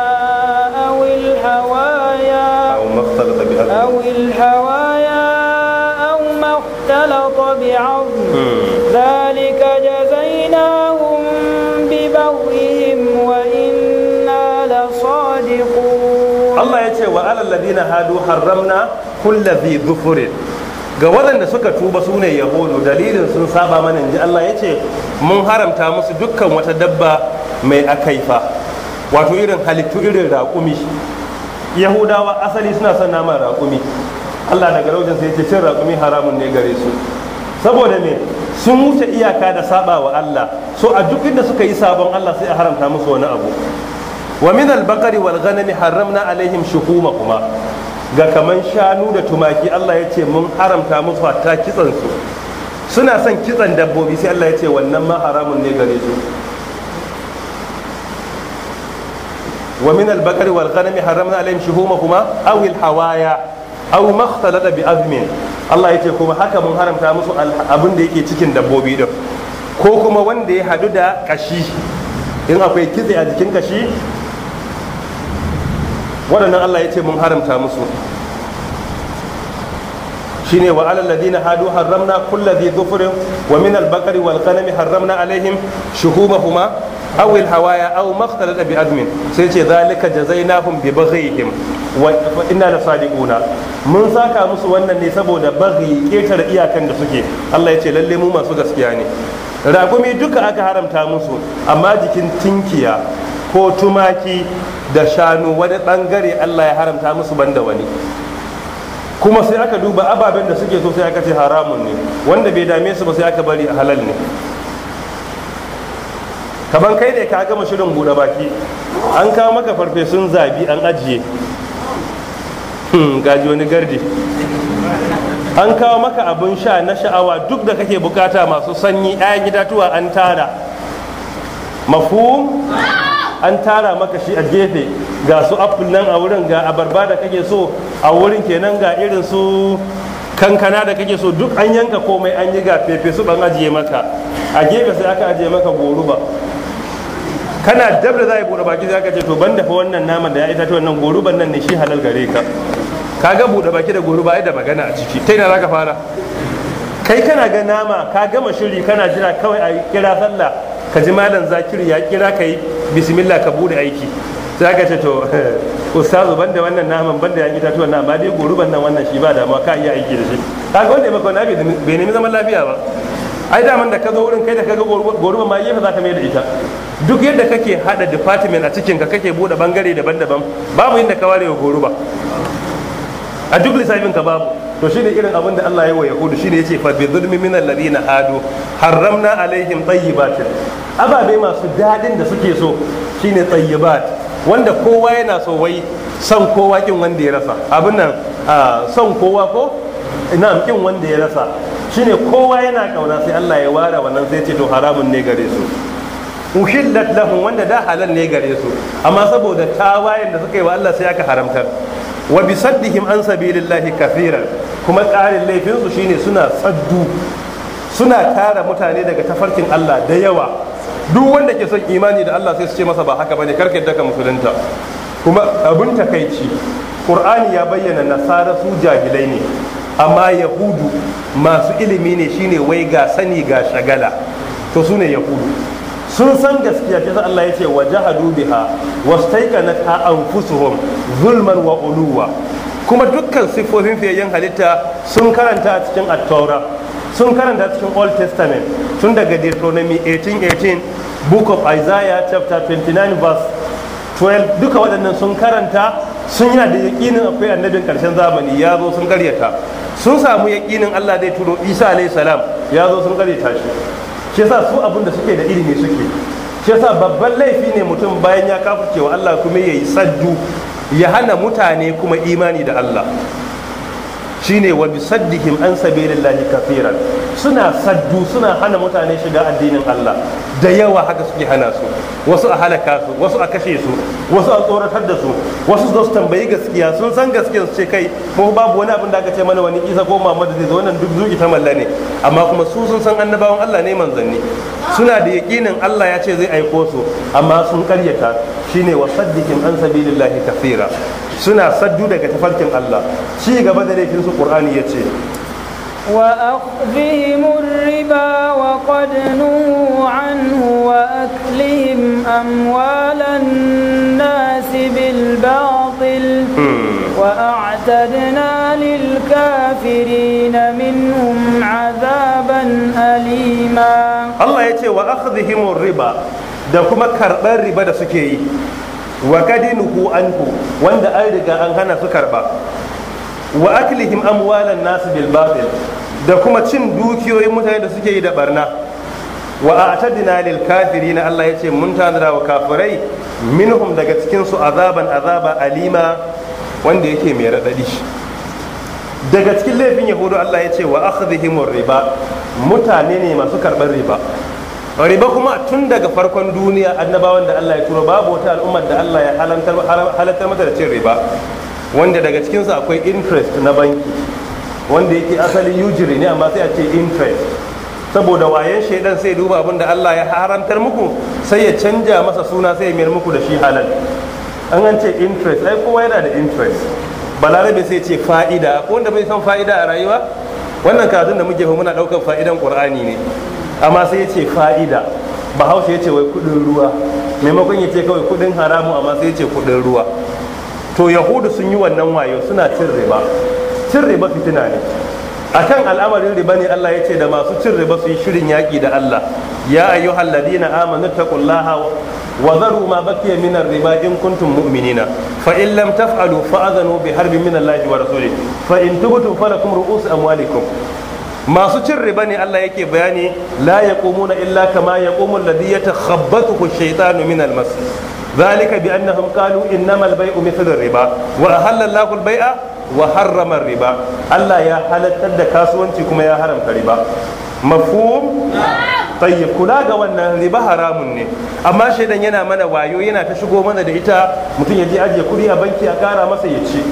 أو الحوايا أو ما اختلط بعظم أو الحوايا أو ما اختلط بعظم wa alal ladina hadu harramna kulli dhi dhufurin ga waɗanda suka tuba su yahudu dalilin sun saba mana inji Allah ya ce mun haramta musu dukkan wata dabba mai akaifa wato irin halittu irin raƙumi yahudawa asali suna son naman raƙumi Allah daga raujin sai ce cin raƙumi haramun ne gare su saboda me sun wuce iyaka da saba wa Allah so a duk inda suka yi sabon Allah sai a haramta musu wani abu wa min al-baqari wal ghanami harramna alaihim kuma. ga kaman shanu da tumaki Allah ya ce mun haramta musu hatta kitsan su suna son kitsan dabbobi sai Allah ya ce wannan ma haramun ne gare su wa min al-baqari wal ghanami harramna alaihim kuma aw al-hawaya aw ma ikhtalata bi azmin Allah ya ce kuma haka mun haramta musu abin da yake cikin dabbobi din ko kuma wanda ya hadu da kashi in akwai kitse a jikin kashi waɗannan Allah ya ce mun haramta musu shine wa alal ladina hadu harramna kulli dhufrin wa min al baqari wal ghanami harramna alaihim shuhumahuma aw al hawaya aw ma ikhtalata bi admin sai ce zalika jazainahum bi baghihim wa inna la sadiquna mun saka musu wannan ne saboda baghi ketar iyakan da suke Allah ya ce lalle mu masu gaskiya ne ragumi duka aka haramta musu amma jikin tinkiya ko tumaki da shanu wani bangare Allah ya haramta musu banda wani kuma sai aka duba ababen da suke so sai aka ce haramun ne wanda bai dame su ba sai aka bari a halal ne kaman kai ne ka gama shirin buɗe baki an kawo maka farfesun zabi an ajiye hmm, gaji wani gardi an kawo maka abin sha na sha'awa duk da kake bukata masu sanyi 'ya'yan gidatuwa an tara Mafu. an tara maka shi a gefe ga su apple nan a wurin ga abarba da kake so a wurin kenan ga irin su kankana da kake so duk an yanka komai an yi ga fefe su ban ajiye maka a gefe sai aka ajiye maka goruba kana dab da za a buɗe baki za ka ce to ban dafa wannan naman da ya ita ta wannan goruban nan ne shi halal gare ka ka ga buɗe baki da goruba ai da magana a ciki ta ina za ka fara kai kana ga nama ka gama shiri kana jira kawai a kira sallah ka ji malam zakiru ya kira ka yi bismillah ka bude aiki za ka ce to ustazu banda wannan naman banda yan tuwa na amma dai goru nan wannan shi ba damuwa ka iya aiki da shi ga wanda ya maka wani bai nemi zaman lafiya ba ai daman da ka zo wurin kai da ka ga goruba ma yi za ka mai da ita duk yadda kake hada department a cikin ka kake bude bangare daban-daban babu inda ka ware wa goruba a duk lissafin ka babu to shine irin abin da Allah ya wa yahudu shine yace fa bi zulmi min alladhina hadu haramna alaihim tayyibatin ababe masu dadin da suke so shine tayyibat wanda kowa yana so wai son kowa kin wanda ya rasa abin nan son kowa ko ina kin wanda ya rasa shine kowa yana kauna sai Allah ya ware wannan sai ce to haramun ne gare su uhillat lahum wanda da halal ne gare su amma saboda tawayen da suka yi wa Allah sai aka haramtar wa bi saddihim an sabilillahi kafiran kuma tsarin laifin su shine suna saddu suna tara mutane daga tafarkin Allah da yawa duk wanda ke son imani da Allah sai su ce masa ba haka bane karka yadda ka musulunta kuma abin takaici Qur'ani ya bayyana nasara su jahilai ne amma yahudu masu ilimi ne shine wai ga sani ga shagala to su yahudu sun san gaskiya kisa Allah ya ce wa jahadu biha ta anfusuhum zulmar wa uluwa kuma dukkan siffofin fiyayyen halitta sun karanta a cikin attaura sun karanta cikin old testament tun daga deuteronomy 18:18 book of isaiah chapter 29 verse 12 duka waɗannan sun karanta sun yana da yaƙinin akwai annabin ƙarshen zamani ya zo sun karyata sun samu yaƙinin allah zai turo isa alayhi salam ya zo sun karyata shi shi yasa su abin da suke da ilimi suke shi yasa babban laifi ne mutum bayan ya kafa cewa Allah kuma ya yi saddu ya hana mutane kuma imani da Allah shine wa bisaddihim an sabilillahi kafiran suna saddu suna hana mutane shiga addinin Allah da yawa haka suke hana su wasu a halaka su wasu a kashe su wasu a tsoratar da su wasu su tambayi gaskiya sun san gaskiyar su ce kai ko babu wani abin da aka ce mana wani isa ko Muhammad zai zo wannan duk zuki ta malla ne amma kuma su sun san annabawan Allah ne manzanni suna da yakinin Allah ya ce zai aiko su amma sun karyata shine wa saddikin an sabilillahi kafira suna saddu daga tafarkin Allah ci gaba da laifin su Kur'ani ya ce riba wa qad nuhu anhu wa aklihim amwalan nas bil batil hmm. wa a'tadna lil kafirin minhum adhaban alima Allah yace wa akhdhimur riba da kuma karɓar riba da suke yi wa kadinuhu anhu wanda an riga an hana su karɓa. wa aklihim amwalan nasu bil batil da kuma cin dukiyoyin mutane da suke yi da barna wa a'tadna lil kafirin Allah yace mun tanzara wa kafirai minhum daga cikin su azaban azaba alima wanda yake mai radadi daga cikin laifin yahudu Allah yace wa akhdhihim riba mutane ne masu karban riba riba kuma tun daga farkon duniya annabawan da Allah ya turo babu wata al'ummar da Allah ya halartar mata da cin riba wanda daga cikinsu akwai interest na banki wanda yake asali yujiri ne amma sai a ce interest saboda wayan shaidan sai duba abin da Allah ya haramtar muku sai ya canja masa suna sai ya mayar muku da shi halal an an ce interest ai kowa yana da interest balarabe sai ce fa'ida ko wanda bai san fa'ida a rayuwa wannan kazin da muke fa muna daukar fa'idan qur'ani ne amma sai ya ce fa'ida bahaushe ya ce wai kudin ruwa maimakon ya ce kawai kudin haramu amma sai ya ce kudin ruwa to yahudu sun yi wannan wayo suna cin riba cin riba fitina ne akan al'amarin riba ne Allah ya ce da masu cin riba su yi shirin yaƙi da Allah ya ayyuhal ladina amanu taqullaha wa zaru ma baqiya min riba in kuntum mu'minina fa in lam taf'alu fa adhanu bi harbin min Allah wa rasulih fa in tubtum falakum ru'us amwalikum masu cin riba ne Allah yake bayani la yaqumuna illa kama yaqumu alladhi yatakhabbathu ash-shaytanu min al zalika bi annahum qalu innamal bay'u mithlu riba wa ahalla Allahu al-bay'a wa harrama riba Allah ya halartar da kasuwanci kuma ya haramta riba mafhum tayyib kula ga wannan riba haramun ne amma shaidan yana mana wayo yana ta shigo mana da ita mutum ya je ajiye kuɗi a banki a kara masa ya ci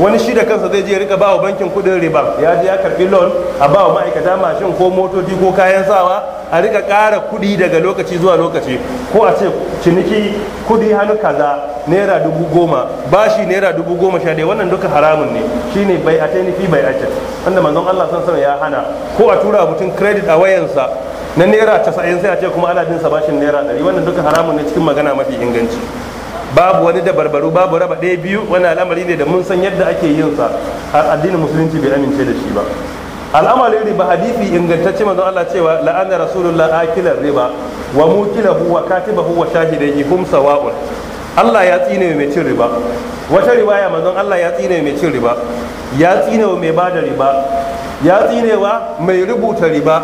wani shi da kansa zai je rika wa bankin kudin riba ya je ya karbi loan a ba wa ma'aikata mashin ko motoci ko kayan sawa a rika ƙara kudi daga lokaci zuwa lokaci ko a ce ciniki kudi hannu kaza naira dubu goma bashi naira dubu goma sha ɗaya wannan duka haramun ne shine bai a tainifi bai ake wanda manzon Allah san sama ya hana ko a tura mutum credit a wayansa na naira casa'in sai a ce kuma ana bin bashin naira ɗari wannan duka haramun ne cikin magana mafi inganci babu wani dabarbaru babu raba ɗaya biyu wani al'amari ne da mun san yadda ake yin sa addinin musulunci bai amince da shi ba al'amarin riba hadisi ingantacce manzon Allah cewa la'ana rasulullah akilar riba wa mukilahu wa katibahu wa shahidaihi hum sawa'un Allah ya tsine mai cin riba wata riwaya manzon Allah ya tsine mai cin riba ya tsine mai bada riba ya tsinewa mai rubuta riba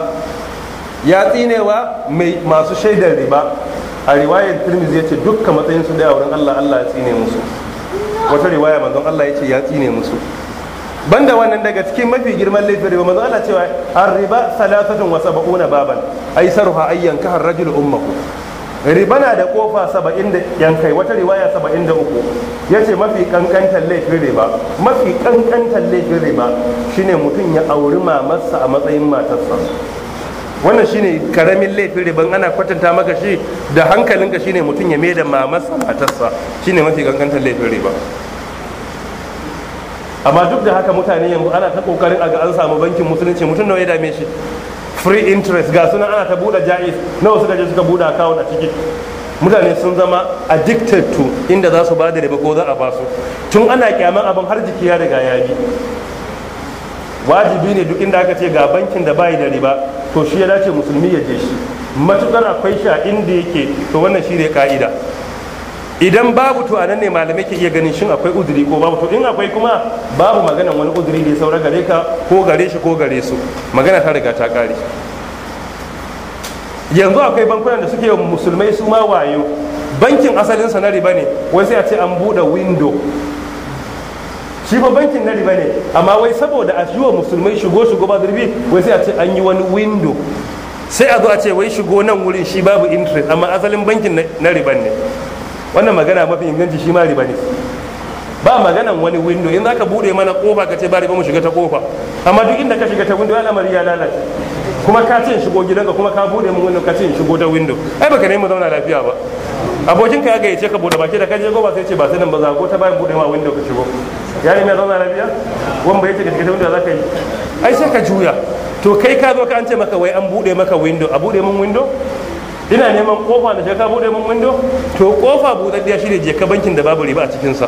ya tsinewa mai masu shaidar riba a riwayar tirmizi ya ce dukkan matsayin su daya wurin allah allah ya tsine musu wata riwaya manzon allah ya ce ya tsine musu banda wannan daga cikin mafi girman laifin riba manzon allah cewa riba salatatun wasa ba'una baban aisaruha ayyan kahar rajul ummaku. riba na da kofa saba'in da yankai wata riwaya saba'in da uku ya ce mafi kankantar laifin riba mafi kankantar laifin riba shine mutum ya auri mamarsa a matsayin matarsa wannan shine karamin laifin riban ana kwatanta maka shi da hankalinka shine mutum ya mai da mamarsa matarsa shine mafi gangantar laifin riba amma duk da haka mutane yanzu ana ta kokarin aga an samu bankin musulunci mutum nawa ya dame shi free interest ga suna ana ta buɗe jaiz na wasu je suka buɗe account a ciki mutane sun zama addicted to inda za su ba da riba ko za a ba su tun ana kyaman abin har jiki ya riga ya bi wajibi ne duk inda aka ce ga bankin da bayi da riba to shi ya dace musulmi ya je shi matukar akwai shi a inda yake to wannan shi ne ka'ida idan babu to anan ne malamai ke iya ganin shin akwai uzuri ko babu to in akwai kuma babu maganan wani uzuri da ya saura gare ka ko gare shi ko gare su magana ta riga ta kare yanzu akwai bankunan da suke musulmai su ma wayo bankin asalin sa na riba ne wai sai a ce an buɗe window shi ba bankin na riba ne amma wai saboda a yi wa musulmai shigo shigo ba zurbi wai sai a ce an yi wani window sai a zo a ce wai shigo nan wurin shi babu interest amma asalin bankin na riba ne wannan magana mafi inganci shi ma riba ne ba maganan wani window in za ka bude mana kofa ka ce ba riba mu shiga ta kofa amma duk inda ka shiga ta window al'amari ya lalace kuma ka ce shigo gidanka kuma ka bude mu window ka ce shigo ta window ai baka nemi zauna lafiya ba abokin ka ya gayyace ka bude baki da kan je goma sai ce ba sai nan ba za ko ta bayan bude ma window ka shigo ya ne mai zauna lafiya wanda ya ce ka shiga ta za ka yi ai sai ka juya to kai ka zo ka an ce maka wai an bude maka window a bude mun window ina neman kofa da ka bude mun window to kofa buɗaɗɗiya shi ne je ka bankin da babu riba a cikinsa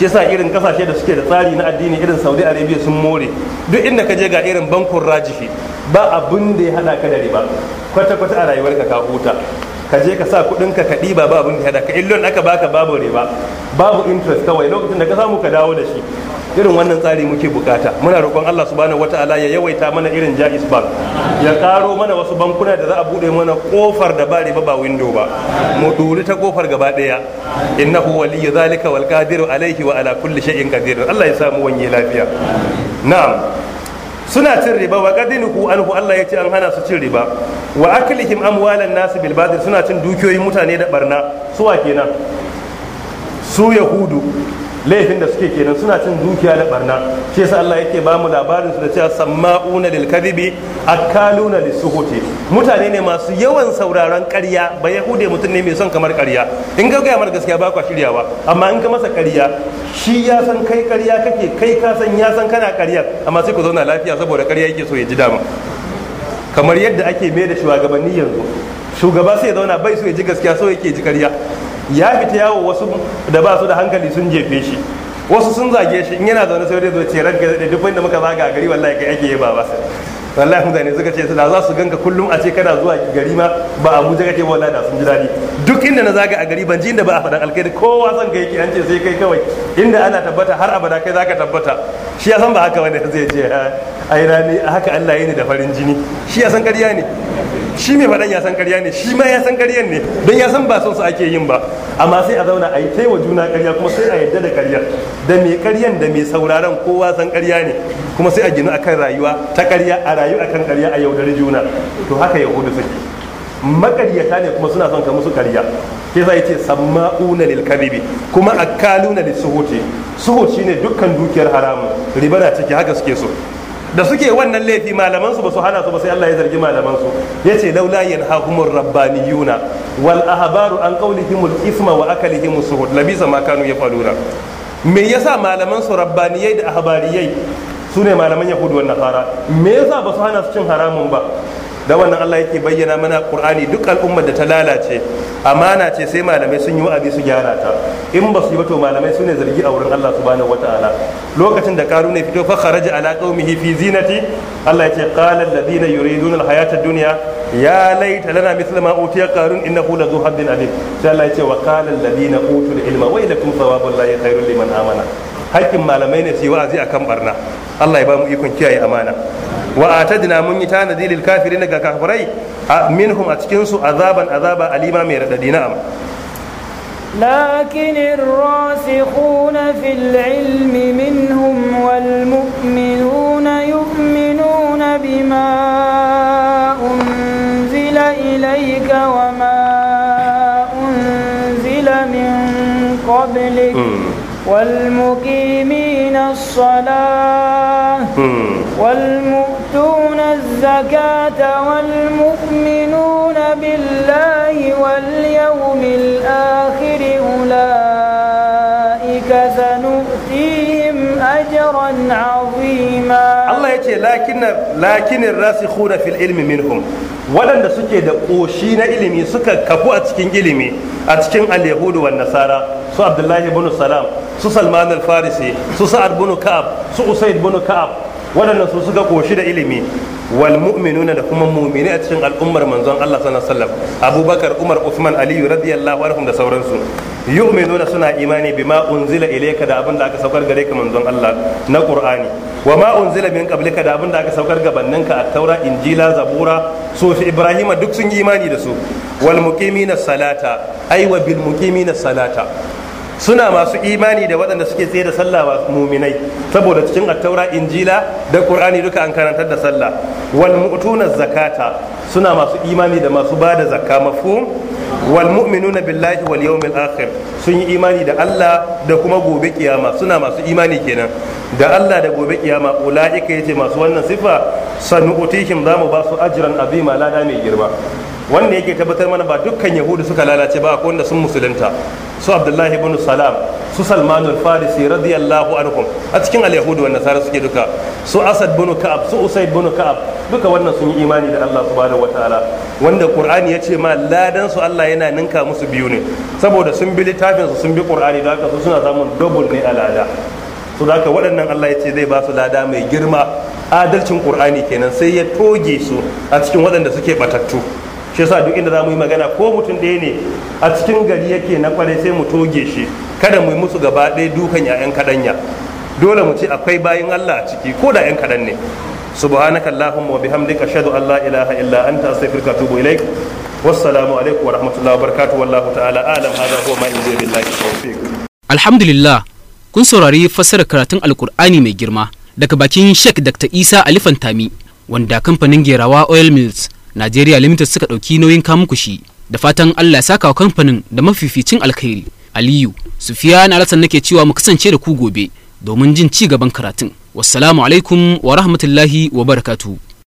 shi yasa irin kasashe da suke da tsari na addini irin saudi arabia sun more duk inda ka je ga irin bankun rajifi ba abin da ya hada ka da riba kwata-kwata a rayuwarka ka huta ka je ka sa kuɗin ka kadi ba abin da hada ka illon aka baka babu riba babu interest kawai lokacin da ka samu ka dawo da shi irin wannan tsari muke bukata muna roƙon Allah subhanahu wataala ya yawaita mana irin Jaiz Bank ya karo mana wasu bankuna da za a bude mana kofar da ba riba ba window ba mu duri ta kofar gaba daya innahu waliyyu zalika wal qadiru alayhi wa ala kulli shay'in qadir Allah ya samu wanye lafiya na'am suna cin riba wa ku anhu Allah ya ce an hana su cin riba wa aklihim amwalan nas bil suna cin dukiyoyin mutane da barna suwa kenan su yahudu laifin da suke kenan suna cin dukiya da barna shi yasa Allah yake ba mu labarin su da cewa samma'una lil kadhibi akaluna lisuhuti mutane ne masu yawan sauraron ƙarya ba yahude mutum ne mai son kamar ƙarya in ga ga mar gaskiya ba ku shiryawa amma in ka masa ƙarya shi ya san kai ƙarya kake kai ka san ya san kana ƙaryar amma sai ku zauna lafiya saboda ƙarya yake so ya ji dama kamar yadda ake mai da shugabanni yanzu shugaba sai ya zauna bai so ya ji gaskiya so yake ji ƙarya ya fita yawo wasu da ba su da hankali sun jefe shi wasu sun zage shi in yana zaune sai dai zo ce ranka da duk wanda muka zaga a gari wallahi kai ake yaba ba wallahi zane suka ce da za su ganka kullum a ce kana zuwa gari ma ba a abuja kake ba wallahi da sun ji dadi. duk inda na zaga a gari ban ji inda ba a faɗan alkhairi kowa zan kai yake an ce sai kai kawai inda ana tabbata har abada kai zaka tabbata shi ya san ba haka wanda zai ce ai rani haka Allah ya ni da farin jini shi ya san ƙarya ne shi mai faɗan ya san ƙarya ne shi ma ya san ƙaryan ne don ya san ba son su ake yin ba amma sai a zauna a yi taiwa juna ƙarya kuma sai a yadda da ƙarya da mai ƙaryan da mai sauraron kowa san ƙarya ne kuma sai a ginu akan rayuwa ta ƙarya a rayu akan ƙarya a yaudari juna to haka yahudu suke maƙaryata ne kuma suna son ka musu ƙarya ke za ce samma'una lil kadibi kuma akaluna lis suhuti ne shine dukkan dukiyar haramun riba na ciki haka suke so da suke wannan laifi malaman su ba su hana su ba sai Allah ya zargi malaman su yace laula yanhahumur rabbaniyuna wal ahbaru an qawlihimul isma wa akalihim suhud labisa ma kanu yafaluna me yasa malaman su rabbaniyai da ahbariyai sune ne malaman yahudu wannan fara me yasa ba su hana su cin haramun ba da wannan Allah yake bayyana mana Qur'ani duk al'ummar da ta lalace amana ce sai malamai sun yi wa'azi su gyara ta in ba su yi ba to malamai su ne zargi a wurin Allah subhanahu wataala lokacin da karu ne fito fa kharaja ala qaumihi fi zinati Allah ya ce qala alladhina yuriduna alhayata ad-dunya ya laita lana mithla ma utiya qarun innahu la zuhaddin alim sai Allah ya ce wa qala alladhina utul ilma wa ilakum thawabullahi khairul liman amana hakkin malamai ne su yi wa'azi akan barna Allah ya ba mu ikon kiyaye amana wa atadna mun yi tanadi lil kafirin ga kafirai minhum a cikin su azaban azaba alima mai radadi na'am لكن الراسخون في العلم منهم والمؤمنون يؤمنون بما أنزل إليك وما والمقيمين الصلاة والمؤتون الزكاة والمؤمنون بالله واليوم الآخر أولئك سنؤتيهم أجرا عظيما ce lakinin rasikhuna fil ilmi minhum waɗanda suke da ƙoshi na ilimi suka kafu a cikin ilimi a cikin al-yahudu nasara su abdullahi bin salam su salman al-farisi su sa'ad bin ka'ab su usayd bin ka'ab waɗannan su suka koshi da ilimi wal mu'minuna da kuma mu'mini a cikin al'ummar manzon Allah sallallahu alaihi wasallam Abubakar Umar Uthman Ali radiyallahu anhum da sauransu yu'minuna suna imani bima unzila ilayka da abin da aka saukar gare ka manzon Allah na Qur'ani wa ma unzila min qablika da abin da aka saukar gabanninka at-taura injila zabura sufi ibrahima duk sun yi imani da su wal muqimina salata ai wa bil muqimina salata suna masu imani da waɗanda suke tsaye da sallah masu muminai saboda cikin attaura injila da Ƙur'ani duka an karantar da sallah wal mu'tuna zakata suna masu imani da masu ba da zakka mafhum wal mu'minuna billahi wal yawmil akhir sun yi imani da Allah da kuma gobe kiyama suna masu imani kenan da Allah da gobe kiyama ulaika yace masu wannan sifa sanu'tihim zamu ba su ajran azima lada mai girma wanda yake tabbatar mana ba dukkan yahudu suka lalace ba akwai wanda sun musulunta su abdullahi ibn salam su salman al-farisi radiyallahu anhum a cikin al-yahudu wannan sarar suke duka su asad ibn ka'ab su usayd ibn ka'ab duka wannan sun yi imani da Allah subhanahu wataala wanda qur'ani ya ce ma ladan su Allah yana ninka musu biyu ne saboda sun bi littafin su sun bi qur'ani da haka su suna samun double ne a lada su da haka waɗannan Allah ya ce zai ba su lada mai girma adalcin qur'ani kenan sai ya toge su a cikin waɗanda suke batattu shi yasa duk inda za mu yi magana ko mutum ɗaya ne a cikin gari yake na kwarai sai mu toge shi kada mu yi musu gaba ɗaya dukan 'ya'yan kaɗanya dole mu ce akwai bayin Allah a ciki ko da 'yan kaɗan ne subhanaka allahumma wa bihamdika ashhadu an la ilaha illa anta astaghfiruka wa atubu ilaik wassalamu alaikum wa rahmatullahi wa barakatuh wallahu ta'ala alam hadha huwa ma billahi tawfiq alhamdulillah kun saurari fassarar karatun alkur'ani mai girma daga bakin Sheikh Dr. Isa Alifantami wanda kamfanin Gerawa Oil Mills Najeriya Limited suka ɗauki nauyin kamukushi da fatan Allah ya saka wa kamfanin da mafificin alkhairi. Aliyu, Sufiya na alasan nake cewa mu kasance da ku gobe domin jin ci gaban karatun. Wassalamu alaikum wa rahmatullahi wa barakatuhu.